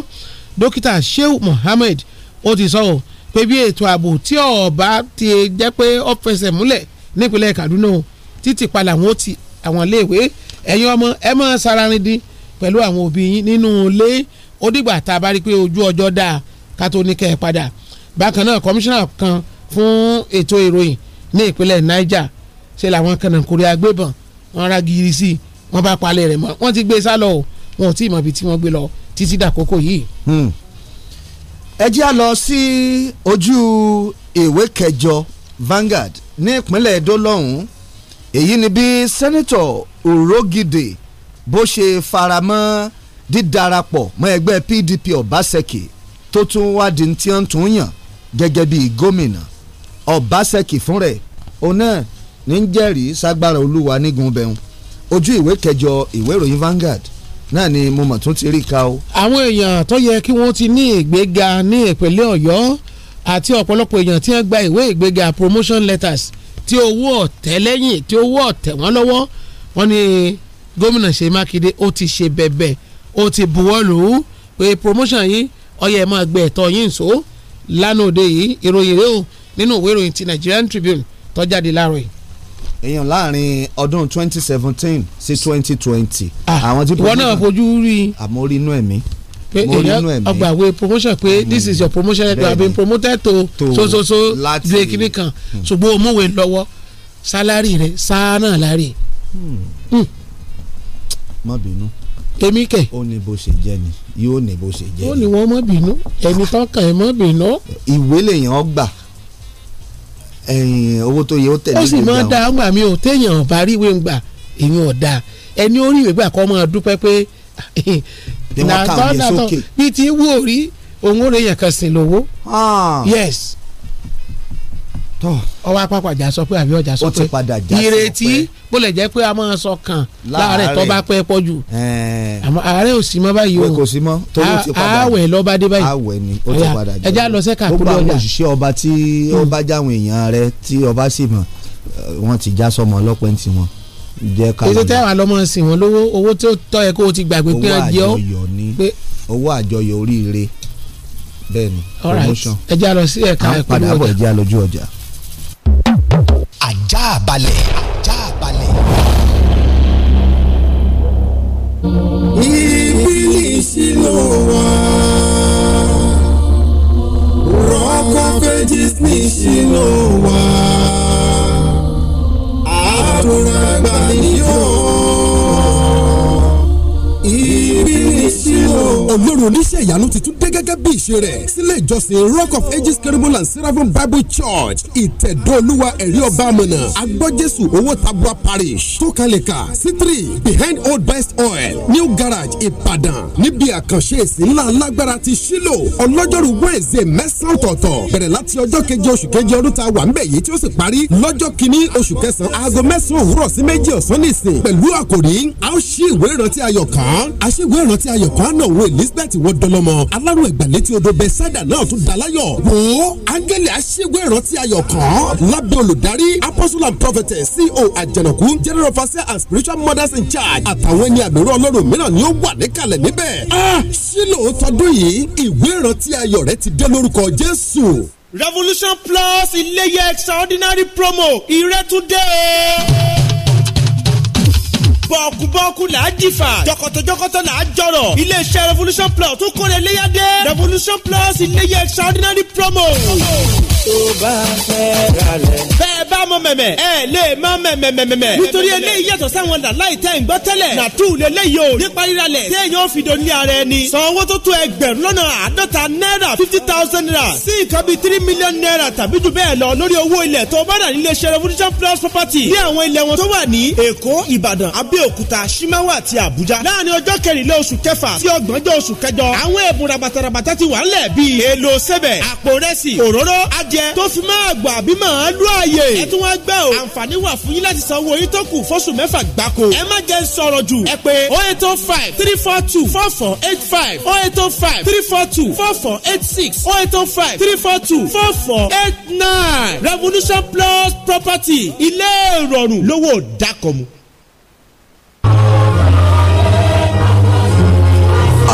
dókítà Shehu Mohammed ó ti sọ pé bí ètò ààbò tí ọba ti jẹ́ pé ó fẹsẹ̀ múlẹ̀ nípínlẹ̀ Kaduna títí palà wọn ti àwọn iléèwé ẹ̀yin ọmọ ẹ mọ̀ sararin dín pẹ̀lú àwọn òbí yín nínú ilé ó dìgbà tá a bá rí i pé ojú ọjọ́ dáa ká tó ní kẹ́ ẹ padà bákan náà kọmíṣánná kan fún ètò ìròyìn ní ìpínlẹ̀ Niger ṣe làwọn kànáńkórí agbébọn wọn ra gírí sí i wọn bá palẹ̀ rẹ̀ mọ́ wọn ti gbé sálọ o wọn ò tí ì mọ̀ ẹ jẹ́ à lọ sí ojú ìwé kẹjọ Vanguard ní ìpínlẹ̀ Edo lọ́hùn-ún èyí ni bí sẹ́nitọ̀ Urogide bó ṣe faramọ́ dídarapọ̀ mọ́ ẹgbẹ́ PDP Obaseki tó tún wá di tí wọ́n tún yàn gẹ́gẹ́ bí gómìnà Obaseki fún rẹ̀ òun náà ní jẹ́rìí ságbára olúwa nígun bẹ̀rùn ojú ìwé kẹjọ ìwé ìròyìn Vanguard náà ni mo mọ̀ tún ti rí ka o. àwọn èèyàn tó yẹ kí wọ́n ti ní ìgbéga ní ìpínlẹ̀ ọ̀yọ́ àti ọ̀pọ̀lọpọ̀ èèyàn tí wọ́n gba ìwé ìgbéga promotion letters tí owó ọ̀tẹ̀ lẹ́yìn tí owó ọ̀tẹ̀ wọ́n lọ́wọ́ wọ́n ní gómìnà Ṣèyí Mákindé ó ti ṣe bẹ̀bẹ̀ ó ti buwọ́ lù ú pé promotion yìí ọyẹ máa gbẹ ẹ̀tọ́ yìí nso lánàá òde yìí ìròyìn rẹ o nínú ìwé ìròyìn ti Nigerian Tribune tó jáde yìí èèyàn láàrin ọdún twenty seventeen sí twenty twenty. Ah, àwọn tí ìwọ náà fojú rí. àmọ́ orí inú ẹ̀mí. pé èèyàn ọgbàwé promotion pé this is your promotion you have been promoted to so so so de kiri kan hmm. ṣùgbọ́n o múwe lọ́wọ́ Salary. sáà náà láre. Hmm. Hmm. má bínú èmi kẹ. ó ní bó ṣe jẹ ni yóò ní bó ṣe jẹ ni. ó ní wọn má bínú ẹni tán kàn ẹ má bínú. ìwé lèèyàn gbà owó tó yẹ ó tẹ̀lé ìgbà wọn. ó sì máa ń da ọgbà mi ò téèyàn bá rí ìwé ń gbà èyí ò da ẹni orí ìwé gbà kọ́ máa dúpẹ́ pé nàtọ́ nàtọ́ bíi ti wú òrí òun ó rèyàn kan sìn lówó. Ah. yes tó ọwọ́ apapàjà sọ pé àbí ọjà sọ pé ìrètí bó lè jẹ́ pé a máa sọ kàn láàárẹ̀ tó bá pẹ́ pọ̀ jù àárẹ̀ ò sí mọ́ báyìí o àwẹ̀ lọ́ba dé báyìí àwẹ̀ ni ó ti padà jẹ́ ẹja lọ sẹ́ka kúrò ọjà gbogbo àwọn òṣìṣẹ́ ọba tí ó hmm. bá jáwọn èèyàn rẹ tí ọba sì mọ̀ wọ́n ti já sọmọ ọlọ́pẹ́ ní tiwọn jẹ́ ká lọ. ètò tẹ́wà lọ́mọ sìn wọ́n lówó owó tó tọ́ ẹ kó o ti gbàgbé pé a jẹ́ ọ́ pé owó àjọyọ̀ oríire bẹ́ẹ̀ ni promotion. ẹ já lọ sí ẹ̀ka ẹ̀kọ́ lójú ọjà ajá balẹ̀. ajá balẹ̀. ìbílísì ló wà rọ́kọ́fẹ́jìs níṣì ló wà àtúrà gbà yóò ibi ni sí o. ọlọ́run oníṣẹ́ ìyanu ti tún dé gẹ́gẹ́ bí ìṣe rẹ̀ sílẹ̀ ìjọsìn rock of ages and seraphim bible church ìtẹ̀dọ́olúwa ẹ̀rí ọba àmọ̀nà agbọ́jésù owó tabua parish tó kalẹ̀ ká sí three behind old best oil new garage ìbàdàn níbi àkànṣe ìsìn ńlá alágbára ti ṣílò ọlọ́jọ́rú wẹ́ẹ̀sì mẹ́sàn-án ọ̀tọ̀ọ̀tọ̀ bẹ̀rẹ̀ láti ọjọ́ keje oṣù keje ọdún tá a wà ń bẹ̀ yìí tí ó sì parí lọ́jọ́ kìíní oṣù kẹsàn-án aago mẹ́sàn-án òwúrọ̀ sí méjì ọ̀sán nìsín pẹ̀lú àkòrí a ó ṣí ìwé ìrántí ayọ̀ kan tán aṣẹ́gun ẹ̀rọ tí ayọ̀kọ́ àná òun Elizabeth wọ́n dọlọ́mọ alárùn ẹ̀gbàlétí odò bẹ́sàdà náà tún dalayọ̀ wò áńgẹ́lì aṣẹ́gun ẹ̀rọ tí ayọ̀kọ́ lábẹ́ olùdarí apostle and prophetess CEO àjànàkú general pastor and spiritual mothers in charge àtàwọn ẹni àmì ọlọ́run mìíràn ni ó wà níkàlẹ̀ níbẹ̀ sílò tọdún yìí ìwé ìrántí ayọ̀ rẹ ti dé lórúkọ Jésù. Revolution Plus ilé yẹ extraordinary promo ìrẹ́túndé bọ́ọ̀kú-bọ́ọ̀kú là á jìfà jọkọ̀tọ̀-jọkọ̀tọ̀ là á jọ̀rọ̀ iléeṣẹ́ revolution plus tún kọ́ni ẹlẹ́yàdé revolution plus iléyẹ extraordinary promo. Oh, oh tó bá fẹ́ ralẹ̀. bẹ́ẹ̀ bá mọ mẹ̀mẹ̀ ẹ lè má mẹ̀mẹ̀ mẹ̀mẹ̀. nítorí eléyìí yàtọ̀ sáwọn làláì tẹ́ ń gbọ́ tẹ́lẹ̀. nàtú lélẹ́yìí o nípa ríralẹ̀ tí èèyàn fi dòní ara ẹni. san owó tó tó ẹgbẹ̀rún lọ́nà àádọ́ta náírà fifty thousand naira sí nǹkan bíi three million naira tàbí jù bẹ́ẹ̀ lọ lórí owó ilẹ̀ tó bá dà nílé ṣe revolution plus property ní àwọn ilẹ̀ wọn tó wà ní èkó ìbàdàn abẹ́òkúta ṣímáwá àti àbújá láàrin ọjọ́ kẹrìnlá oṣù kẹfà sí ọgbọ̀njọ́ oṣù kẹjọ àwọn ẹ̀bùn rabatarabata ti wà ńlẹ̀ bíi èlò sẹ́bẹ̀ àpò rẹ́sì òróró adì jẹ tó fi máa gbà bí màá lú àyè. ẹ tún wá gbẹ́ o àǹfààní wà fún yín láti san owó yín tó kù fọ́sùn mẹ́fà gbáko. ẹ má jẹ́ sọ̀rọ̀ jù ẹ pé oh eight oh five three four two four four eight five oh eight oh five three four two four four eight six oh eight oh five three four two four four eight nine revolution plus property ilé ìrọ̀rùn lówó dákọ̀mu.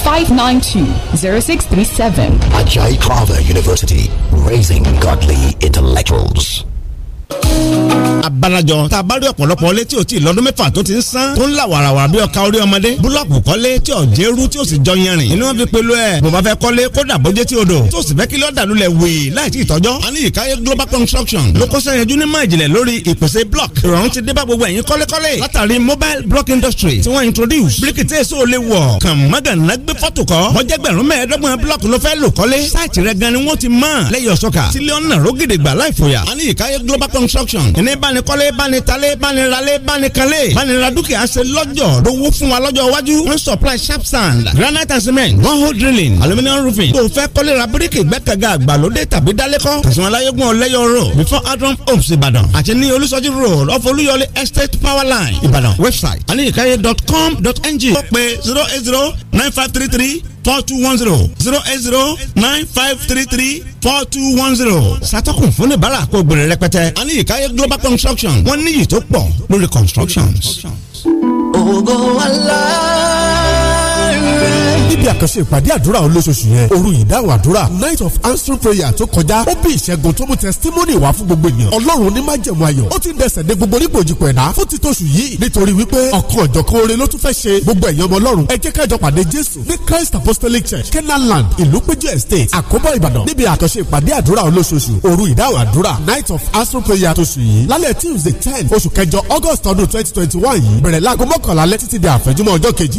592-0637. Ajay Carver University, raising godly intellectuals. abalajọ tabari ọ̀pọ̀lọpọ̀ ilé tí o ti lọ́dún mẹ́fà tó ti ń sán tó ń la warawara bí ọ̀ka orí ọmọdé búlọ́ọ̀kù kọ́lé tí ò jẹ́rú tí o sì jọ yanrìn inú wọn fi pelu ẹ̀ bó bá fẹ́ kọ́lé kódà bójé tí o dò tó sì fẹ́ kí lọ́ọ̀dà lulẹ̀ wèé láì tí ì tọ́jọ́ a ìkáyé global construction ló kọ́sẹ́ yẹjú ní máa ìjìnlẹ̀ lórí ìpèsè block ìrọ̀rùn ti dé bá gbogbo ẹ̀yin kọ́lékọ́lé látàrí mobile block industry tí wọ́n introduce bíríkì tí èso lè wọ̀ kàn mágànà gbé fọ́tò kọ́ wọ́n jẹ́ gbẹ̀rún block ló fẹ́ lò kọ́lé sáìtì rẹ̀ gan ni wọ́n ti mọ̀ lẹ́yìn ọ̀ṣọ́ka global construction ní bánikọ́lé bánitalé bániralé bánikanlé bánira dúkìá ṣe lọ́jọ̀ lówó fún wa lọ́jọ́ iwájú wọ́n supply sharp sand granite and cement one hole drilling aluminium roofing tó fẹ́ kọ́lé ra bíríkì gbẹ́kẹ̀gà àgbàlódé tàbí dálékọ́ kàṣùmáláyégún ọ̀lẹ́yọ̀ road before adron homes Ìbàdàn àti ní olùsọ́jú road of olúyọlé estate power line Ìbàdàn website aniyikaye dot com dot ng ó pe zero eight zero nine five three three 4210 0809533 4210. ṣàtọ́kùn fún oníbàárà kó gbèrè rẹpẹtẹ. a ní ìkáyé global construction wọ́n níyì tó pọ̀ lórí constructions. ògo aláàbò. níbi àkànṣe ìpàdé àdúrà olóṣooṣù yẹn òru ìdáhùn àdúrà night of answering prayer tó kọjá ó bí ìṣẹ́gun tó mú testimony wá fún gbogbo ènìyàn ọlọ́run ní májẹ̀mú ayọ̀ ó ti ń dẹsẹ̀ dé gbogbo nípò òjì pẹ̀lá fún títòṣù yìí nítorí wípé ọ̀kan ọ̀jọ̀kan oore ló tún fẹ́ ṣe gbogbo ẹ̀yàn ọmọ ọlọ́run ẹ jẹ́ kájọ pàdé jésù ní christ apostolic church kenaland ìlúpéjú estate àkóbọ̀ ìbàdàn níbi àkànṣe ìpàdé àdúrà olóṣooṣù òru ìdáhùn àdúrà night of answering prayer tóṣù yìí lálẹ́ tuesday ten oṣù kẹjọ august ọdún twenty twenty one yìí bẹ̀rẹ̀ láago mọ́kànlá lẹ́ títí di àfẹ́júmọ́ ọjọ́ kejì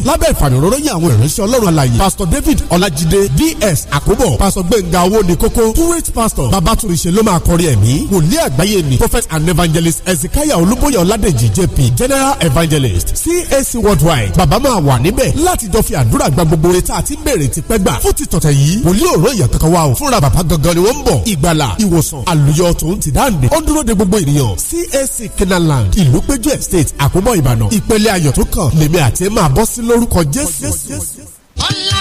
alàyè pastor david ọlájídé ds àkóbọ̀ pastor gbẹ̀ngà owó ní kókó Great pastor babatunṣe ló máa kọrin ẹ̀mí wòlíì àgbáyé ni prophet and evangelist ezekiah olúbóyè ọládèjì jp general evangelist cac worldwide bàbá máa wà níbẹ̀ láti jọ fi àdúrà gba gbogbo etí àti béèrè ti pẹ́ gbà fún ti tọ̀tẹ̀ yìí wòlíì ọ̀rọ̀ ìyà kankan wa o fúnra bàbá gangan ni wọ́n ń bọ̀ ìgbàlà ìwòsàn àlùyọ tòun ti dáǹdè ó dúró de gbogbo ènìyàn cac kenaland ìlúpéjú estate àkóbọ̀ ìbàdàn ìpele ayọ̀ tó kàn lèmi àti ẹ̀ máa bọ́ sí lórúkọ jésù. Hola.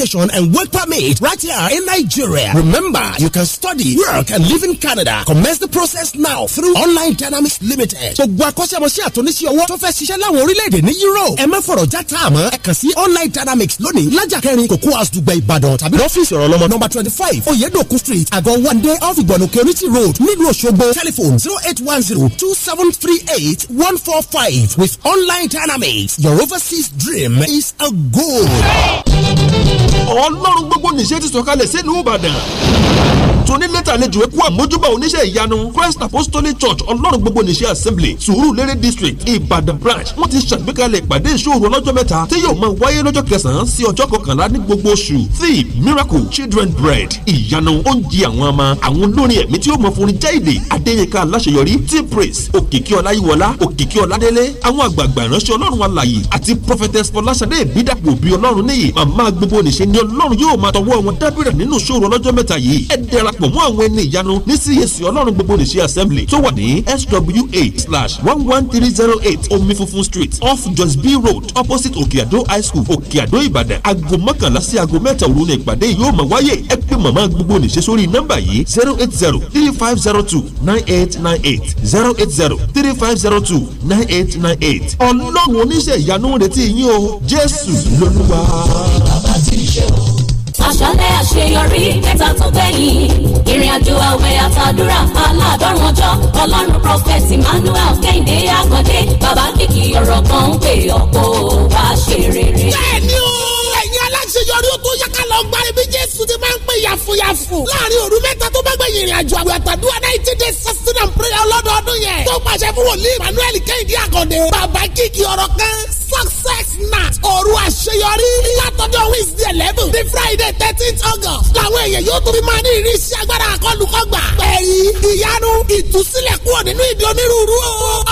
accommodation, and work permit right here in Nigeria. Remember, you can study, work, and live in Canada. Commence the process now through Online Dynamics Limited. So, akọ́ṣẹ́mọṣẹ́ àtúnṣe ọwọ́ tó fẹ́ ṣiṣẹ́ láwọn orílẹ̀-èdè ní Europe. ẹ má fọ̀rọ̀ já tá a mọ́ ẹ kàn Online Dynamics lónìí lájà kẹrin kòkó house dùgbẹ́ Ìbàdàn tàbí lọ́fíìsì ọ̀rọ̀ lọ́mọ number twenty five Oyedokun street I go one day off Ìgbọ̀nùkẹ́ Unity road nílùú Showbo. telephone zero eight one zero two seven three eight one four five with Online Dynamics your overseas dream is a goal. ọlọ́run gbogbo nìṣẹ́ ti sọ̀kalẹ̀ sínú ìbàdàn àti onílétàlejò ẹkú àmójúbà oníṣẹ́ ìyanu Christ Apostolic Church ọlọ́run gbogbo nìṣẹ́ assembly sùúrùlérè district Ìbàdàn branch wọ́n ti ṣàgbékalẹ̀ ìpàdé ìṣòro ọlọ́jọ́ mẹ́ta tí yóò máa wáyé lọ́jọ́ kẹsàn-án sí ọjọ́ kọkànlá ní gbogbo oṣù theme miracle children bread ìyanu oúnjẹ àwọn ọmọ àwọn olórin ẹ̀mí tí ó mọ fún jẹ́ èdè adéyínká aláṣeyọrí tí praise òkìkí ọláyíwọlá òkìkí ọládélé àwọn àgbààgbà ìránṣẹ́ ọlọ́run alàyè àti prophetess fọláṣadé ìbídàpọ̀ òbí ọlọ́run níyì màmá gbogbo nìṣe ni ọlọ́run yóò máa tọwọ́ wọn dábìrẹ̀ nínú ìṣòro ọlọ́jọ́ mẹ́ta yìí ẹ dẹ́ra darapọ̀ mọ́ àwọn ẹni ìyanu ní CAC ọlọ́run gbogbo nìṣẹ́ assembly tó wà ní SW8 slash one one three zero eight omi funfun street off Jos B road opposite Òkèàdó high school Òkèàdó Ìbàdàn aago mọ́kànlá sí aago mẹ́ta òru ni ìpàdé yóò máa wáyé ẹ pé màmá gbogbo nìṣẹ́ sórí nọ́mbà yìí zero eight zero three five zero two nine eight nine eight zero eight zero three five zero two nine eight nine eight ọlọ́run oníṣẹ́ ìyanu retí yín o Jésù lolúwa. bàbá tí ń ṣe àṣálẹ̀ àṣeyọrí mẹ́ta tó gbẹ̀yìn ìrìn àjò àwẹ̀ àtàdúrà aláàdọ́rùn ọjọ́ ọlọ́run prophet emmanuel kẹ́hìndé àkàndé bàbá kìkì ọ̀rọ̀ kan ń pè ọ̀pọ̀ wá ṣe rere. bẹ́ẹ̀ni o ẹ̀yin aláṣeyọrí o tó yẹ ká lọ gba ibi j jésù ti máa ń pè yàfùyàfù láàrin òru mẹ́ta tó bá gbẹ̀yìn ìrìn àjò àwẹ̀ àtàdúrà ninety days fasting and prayer ọlọ́dọọdún yẹn tó pàṣẹ fún wòlíì emmanuel kẹ́hìndé àkàndé bàbá kìkì ọ̀rọ̀ kan success night òru àṣeyọrí látọjọ́ wednesday eleven The friday thirteen august làwọn èèyàn yóò tó fi máa ní ìrísí agbára àkọlùkọgbà pẹ̀lú ìyanu ìtúsílẹ̀ kúrò nínú ìdí onírúurú o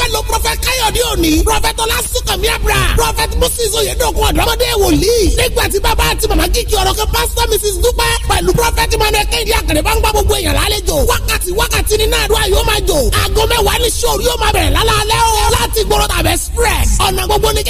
fẹ́ lo prọfẹ̀t káyọ̀dé òní prọfẹ̀t ọlásùnkànmí abra prọfẹ̀t moses oyèdókun ọ̀dọ́mọdé wòlíì nígbà tí bàbá àti màmá kíkì ọ̀rọ̀ kan pásítọ̀ mrs dúpẹ́ pẹ̀lú prọfẹ̀t emmanuel kéde àkàrẹ̀ ń gbá gbogbo èèyàn lálejò wákàtí wákàtí nínú àdúrà yóò máa jò aago mẹ́wàá ní sọ́ọ̀rù yóò máa bẹ̀rẹ̀ lálẹ́ o láti gbọ́rọ̀ tàbí express ọ̀nà gbogbo ní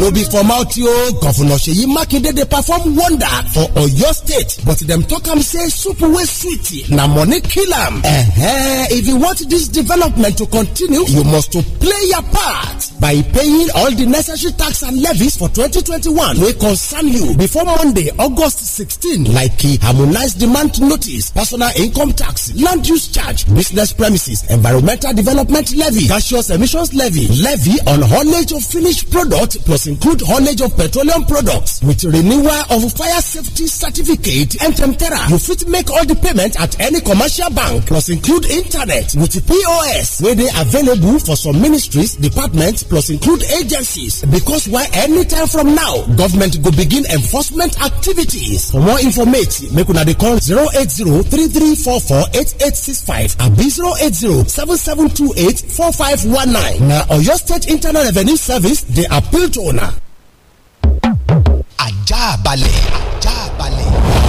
no be for mouth o governor seyi makinde dey perform wonder for oyo state but dem talk am say soup wey sweet na money kill am eh eh if you want dis development to continue you must to play your part by paying all the necessary tax and levies for 2021 wey concern you before Monday, August 16, like harmonized demand notice, personal income tax, land use charge, business premises, environmental development levy, gaseous emissions levy, levy on haulage of finished products, plus include haulage of petroleum products with renewal of fire safety certificate and mtmterra you fit make all the payment at any commercial bank plus include internet with pos where they available for some ministries departments plus include agencies because why anytime from now government go begin enforcement activities. For more information make una dey call 08033448865 abi 08077284519 na Oyo State Internal Revenue Service dey appeal to una. Ajá balẹ̀. Ajá balẹ̀.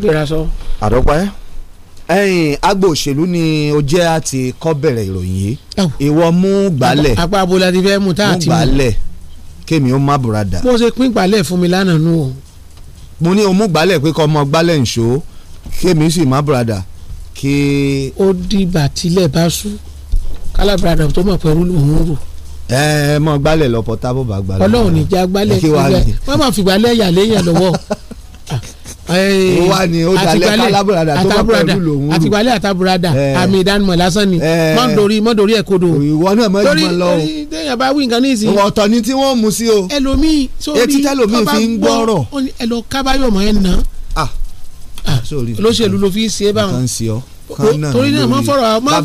gbéra sọ. àdọ́pẹ́ ẹyin agbo òṣèlú ni o jẹ́ àti kọ́ bẹ̀rẹ̀ ìròyìn yìí ìwọ mú gbálẹ̀ apá abola ti fẹ́ mú tá a ti mú gbálẹ̀ kémi ó má burada. mo ṣe pín gbálẹ̀ fún mi lánàá nù o. mo ní o mú gbálẹ̀ pé kọ́ ọmọ gbálẹ̀ ń ṣó kémi sì má burada kí. ó di tílẹ̀ bá sú kálábàdà tó mọ̀ pẹ̀lú òun rò. ẹ ẹ mọ gbálẹ̀ lọ pọ̀ tábọ̀ bá gbálẹ̀. ọlọ́run ìjà gbálẹ̀ kí wàá ní. wọ́n máa fi gbálẹ̀ yà léyìn lọ́wọ́ ó wà ní ó dalẹ̀ kálábùradà tó bá pẹ̀lú lòun rù àtìgbálẹ̀ àtàbùradà àmì ìdánimọ̀ lásán ni mọ́ndòrí mọ́ndòrí ẹ̀ kodò ìwọ náà mọ́ ìdìbò lọ o torí téèyàn bá wí nǹkan ní ìsìn. ọ̀tọ̀ ni tí wọ́n mú sí o ẹlòmíì sórí etí tẹ́lòmíì fi ń gbọ́rọ̀ ẹlò kábáyọ̀mọ́ ẹ̀ ná ah. Ah, olóṣèlú ló fi ń ṣe é báwọn torí náà mọ́ fọ̀rọ̀